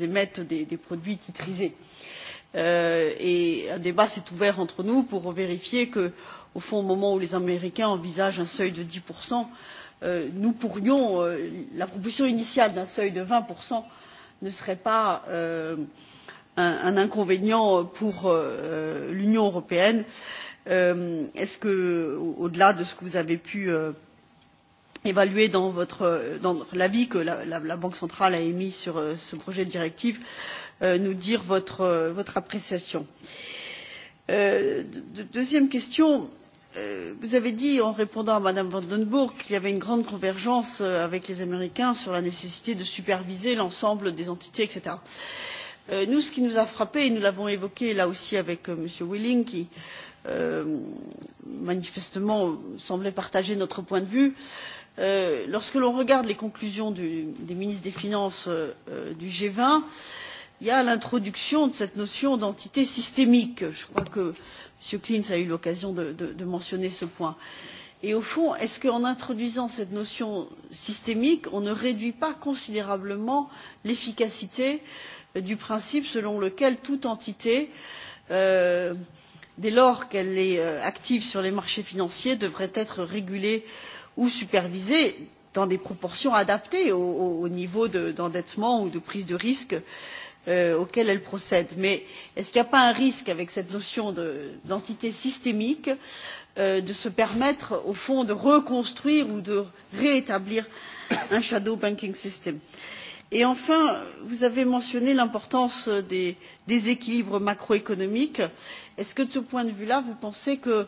S1: émettent des produits titrisés. un débat s'est ouvert entre nous pour vérifier que au fond au moment où les américains envisagent un seuil de dix nous pourrions la proposition initiale d'un seuil de vingt ne serait pas un inconvénient pour l'union européenne est ce que au delà de ce que vous avez pu évaluer dans votre dans l'avis que la, la, la banque centrale a émis sur ce projet de directive nous dire votre votre appréciation deuxième question vous avez dit en répondant à mme vandenbourg qu'il y avait une grande convergence avec les américains sur la nécessité de superviser l'ensemble des entités etc. nous ce qui nous a frappés et nous l'avons évoqué là aussi avec m. willing qui manifestement semblait partager notre point de vue lorsque l'on regarde les conclusions des ministres des finances du g vingt il y a l'introduction de cette notion d'entité systémique je crois que m. klinz a eu l'occasion de mentionner ce point. Et au fond est ce qu'en introduisant cette notion systémique on ne réduit pas considérablement l'efficacité du principe selon lequel toute entité dès lors qu'elle est active sur les marchés financiers devrait être régulée ou supervisée dans des proportions adaptées au niveau d'endettement ou de prise de risque auquel elle procède. mais n'y a t il pas un risque avec cette notion d'entité systémique de se permettre au fond de reconstruire ou de réétablir un shadow banking system? et enfin vous avez mentionné l'importance des déséquilibres macroéconomiques. est ce que de ce point de vue là vous pensez que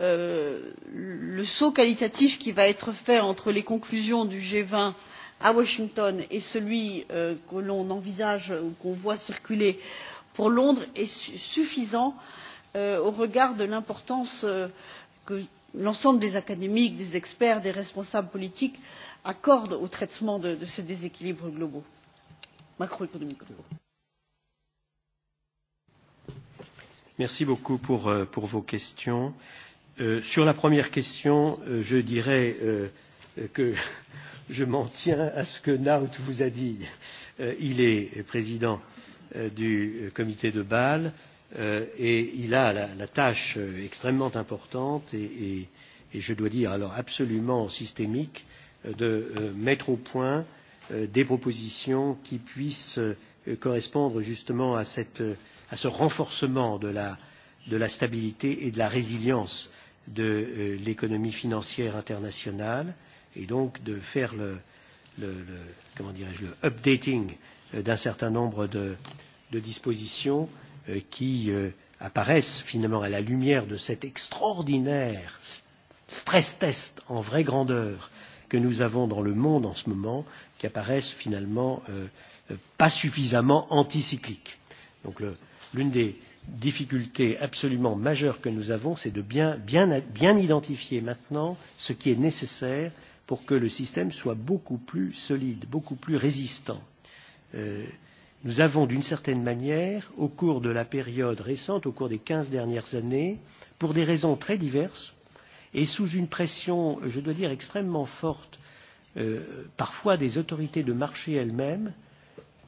S1: le saut qualitatif qui va être fait entre les conclusions du g vingt à washington et celui que l'on envisage ou qu'on voit circuler pour londres est suffisant au regard de l'importance que l'ensemble des académiques des experts des responsables politiques accordent accorde au traitement de, ces déséquilibres macroéconomiques globaux.
S2: Merci beaucoup pour, pour vos questions. Euh, sur la première question, je dirais euh, que je m'en tiens à ce que Naut vous a dit. Euh, il est président euh, du comité de Bâle euh, et il a la, la tâche extrêmement importante et, et, et je dois dire alors absolument systémique euh, de mettre au point des propositions qui puissent correspondre justement à, cette, à ce renforcement de la, de la stabilité et de la résilience de l'économie financière internationale et donc de faire le, le, le comment dirais-je le updating d'un certain nombre de, de dispositions qui apparaissent finalement à la lumière de cet extraordinaire stress test en vraie grandeur que nous avons dans le monde en ce moment qui apparaissent finalement euh, pas suffisamment anticycliques. Donc l'une des difficultés absolument majeures que nous avons, c'est de bien, bien, bien identifier maintenant ce qui est nécessaire pour que le système soit beaucoup plus solide, beaucoup plus résistant. Euh, nous avons d'une certaine manière, au cours de la période récente, au cours des quinze dernières années, pour des raisons très diverses, et sous une pression, je dois dire, extrêmement forte, euh, parfois des autorités de marché elles-mêmes,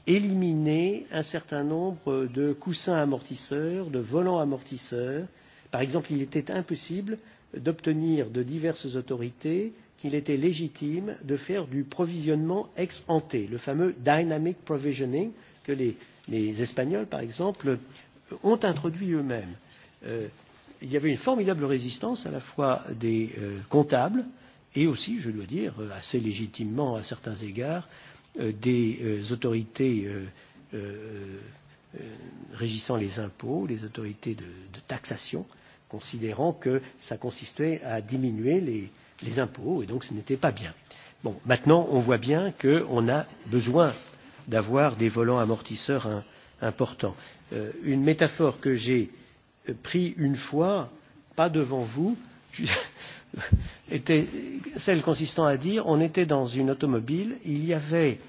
S2: éliminer un certain nombre de coussins amortisseurs, de volants amortisseurs. Par exemple, il était impossible d'obtenir de diverses autorités qu'il était légitime de faire du provisionnement ex ante, le fameux dynamic provisioning que les, les Espagnols, par exemple, ont introduit eux-mêmes. Euh, il y avait une formidable résistance à la fois des euh, comptables et aussi, je dois dire, assez légitimement à certains égards, euh, des euh, autorités euh, euh, euh, régissant les impôts, les autorités de, de taxation, considérant que ça consistait à diminuer les, les impôts et donc ce n'était pas bien. Bon, maintenant, on voit bien qu'on a besoin d'avoir des volants amortisseurs un, importants. Euh, une métaphore que j'ai euh, pris une fois, pas devant vous, était celle consistant à dire on était dans une automobile, il y avait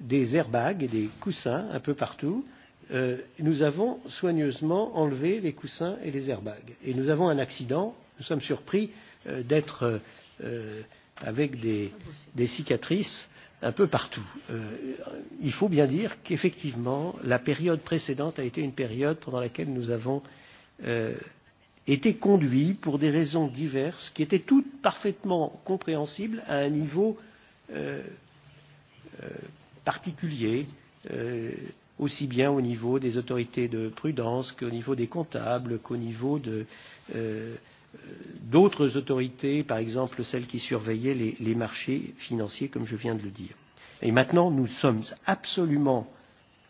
S2: des airbags et des coussins un peu partout. Euh, nous avons soigneusement enlevé les coussins et les airbags. Et nous avons un accident. Nous sommes surpris euh, d'être euh, avec des, des cicatrices un peu partout. Euh, il faut bien dire qu'effectivement, la période précédente a été une période pendant laquelle nous avons euh, euh, étaient conduits pour des raisons diverses qui étaient toutes parfaitement compréhensibles à un niveau euh, euh, particulier, euh, aussi bien au niveau des autorités de prudence qu'au niveau des comptables, qu'au niveau de. Euh, d'autres autorités, par exemple celles qui surveillaient les, les marchés financiers, comme je viens de le dire. Et maintenant, nous sommes absolument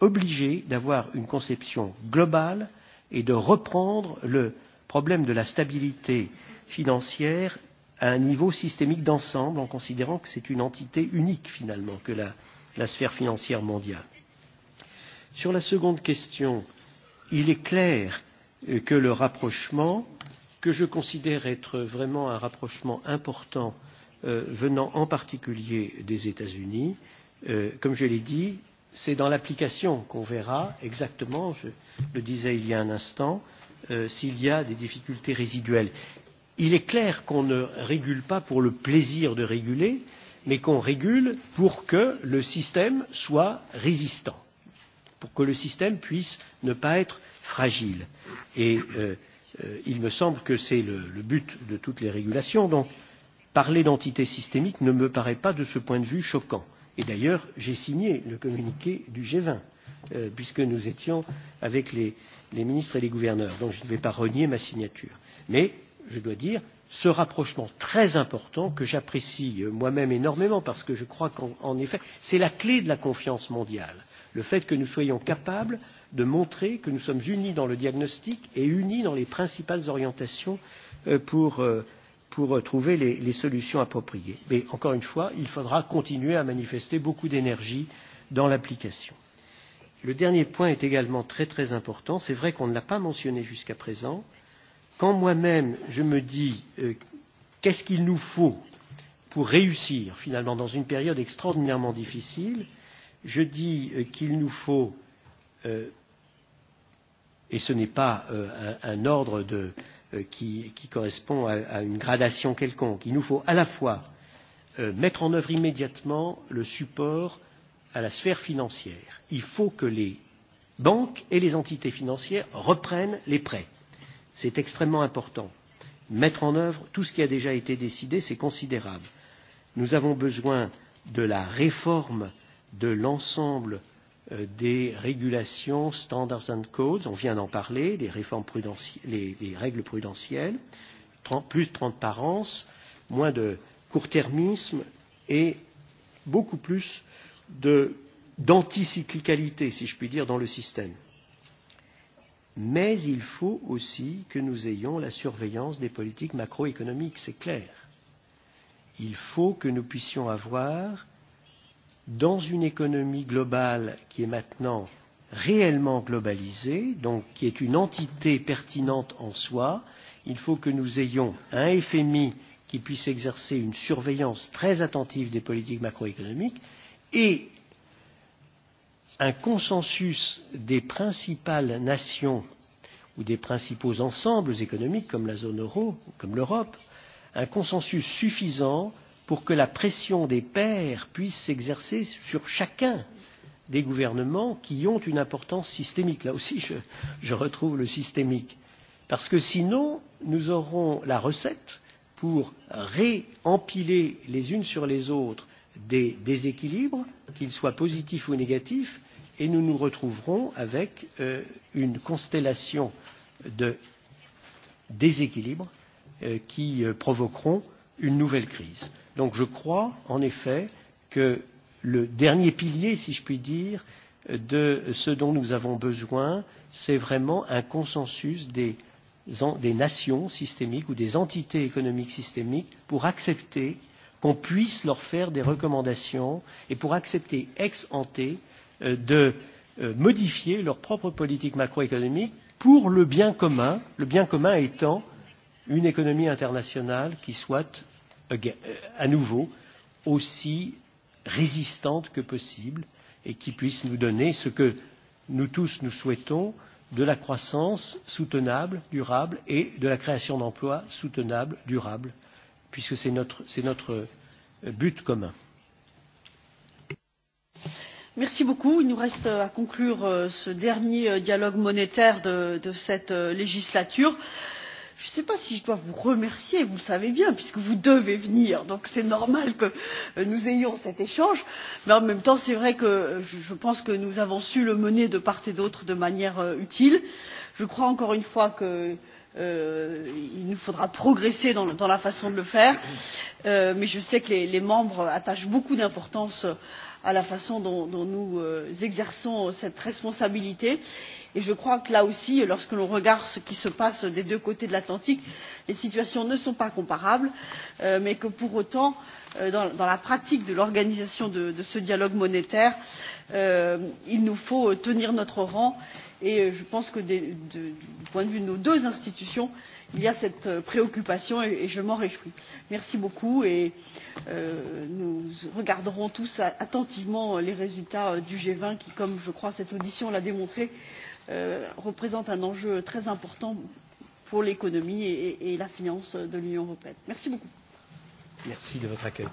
S2: obligés d'avoir une conception globale et de reprendre le problème de la stabilité financière à un niveau systémique d'ensemble en considérant que c'est une entité unique finalement que la, la sphère financière mondiale. Sur la seconde question, il est clair que le rapprochement, que je considère être vraiment un rapprochement important euh, venant en particulier des États-Unis, euh, comme je l'ai dit, c'est dans l'application qu'on verra exactement, je le disais il y a un instant, euh, s'il y a des difficultés résiduelles. Il est clair qu'on ne régule pas pour le plaisir de réguler, mais qu'on régule pour que le système soit résistant, pour que le système puisse ne pas être fragile. Et euh, euh, il me semble que c'est le, le but de toutes les régulations. Donc, parler d'entité systémique ne me paraît pas de ce point de vue choquant. Et d'ailleurs, j'ai signé le communiqué du G20, euh, puisque nous étions avec les, les ministres et les gouverneurs. Donc je ne vais pas renier ma signature. Mais je dois dire ce rapprochement très important que j'apprécie moi-même énormément parce que je crois qu'en effet, c'est la clé de la confiance mondiale. Le fait que nous soyons capables de montrer que nous sommes unis dans le diagnostic et unis dans les principales orientations pour pour trouver les, les solutions appropriées. Mais encore une fois, il faudra continuer à manifester beaucoup d'énergie dans l'application. Le dernier point est également très très important. C'est vrai qu'on ne l'a pas mentionné jusqu'à présent. Quand moi-même je me dis euh, qu'est-ce qu'il nous faut pour réussir finalement dans une période extraordinairement difficile, je dis euh, qu'il nous faut, euh, et ce n'est pas euh, un, un ordre de, euh, qui, qui correspond à, à une gradation quelconque. Il nous faut à la fois euh, mettre en œuvre immédiatement le support à la sphère financière. Il faut que les banques et les entités financières reprennent les prêts. C'est extrêmement important. Mettre en œuvre tout ce qui a déjà été décidé, c'est considérable. Nous avons besoin de la réforme de l'ensemble euh, des régulations standards and codes, on vient d'en parler, des réformes prudentielles, les, les règles prudentielles, 30, plus de transparence, moins de court-termisme et beaucoup plus d'anticyclicalité, si je puis dire, dans le système. Mais il faut aussi que nous ayons la surveillance des politiques macroéconomiques, c'est clair. Il faut que nous puissions avoir dans une économie globale qui est maintenant réellement globalisée, donc qui est une entité pertinente en soi, il faut que nous ayons un FMI qui puisse exercer une surveillance très attentive des politiques macroéconomiques et un consensus des principales nations ou des principaux ensembles économiques comme la zone euro, comme l'Europe, un consensus suffisant pour que la pression des pairs puisse s'exercer sur chacun des gouvernements qui ont une importance systémique. Là aussi, je, je retrouve le systémique. Parce que sinon, nous aurons la recette pour réempiler les unes sur les autres des déséquilibres, qu'ils soient positifs ou négatifs, et nous nous retrouverons avec euh, une constellation de déséquilibres euh, qui euh, provoqueront une nouvelle crise. Donc je crois, en effet, que le dernier pilier, si je puis dire, de ce dont nous avons besoin, c'est vraiment un consensus des, des nations systémiques ou des entités économiques systémiques pour accepter qu'on puisse leur faire des recommandations et pour accepter ex ante de modifier leur propre politique macroéconomique pour le bien commun, le bien commun étant une économie internationale qui soit à nouveau aussi résistante que possible et qui puisse nous donner ce que nous tous nous souhaitons de la croissance soutenable, durable et de la création d'emplois soutenable, durable, puisque c'est notre, notre but commun.
S1: Merci beaucoup. Il nous reste à conclure ce dernier dialogue monétaire de, de cette législature je ne sais pas si je dois vous remercier vous le savez bien puisque vous devez venir donc c'est normal que nous ayons cet échange mais en même temps c'est vrai que je pense que nous avons su le mener de part et d'autre de manière utile. je crois encore une fois que il nous faudra progresser dans la façon de le faire mais je sais que les membres attachent beaucoup d'importance à la façon dont nous exerçons cette responsabilité et je crois que là aussi lorsque l'on regarde ce qui se passe des deux côtés de l'atlantique les situations ne sont pas comparables mais que pour autant dans la pratique de l'organisation de ce dialogue monétaire il nous faut tenir notre rang et je pense que du point de vue de nos deux institutions il y a cette préoccupation et je m'en réjouis. merci beaucoup et nous regarderons tous attentivement les résultats du g vingt qui comme je crois cette audition l'a démontré représente un enjeu très important pour l'économie et la finance de l'union européenne. merci beaucoup.
S2: merci de votre accueil.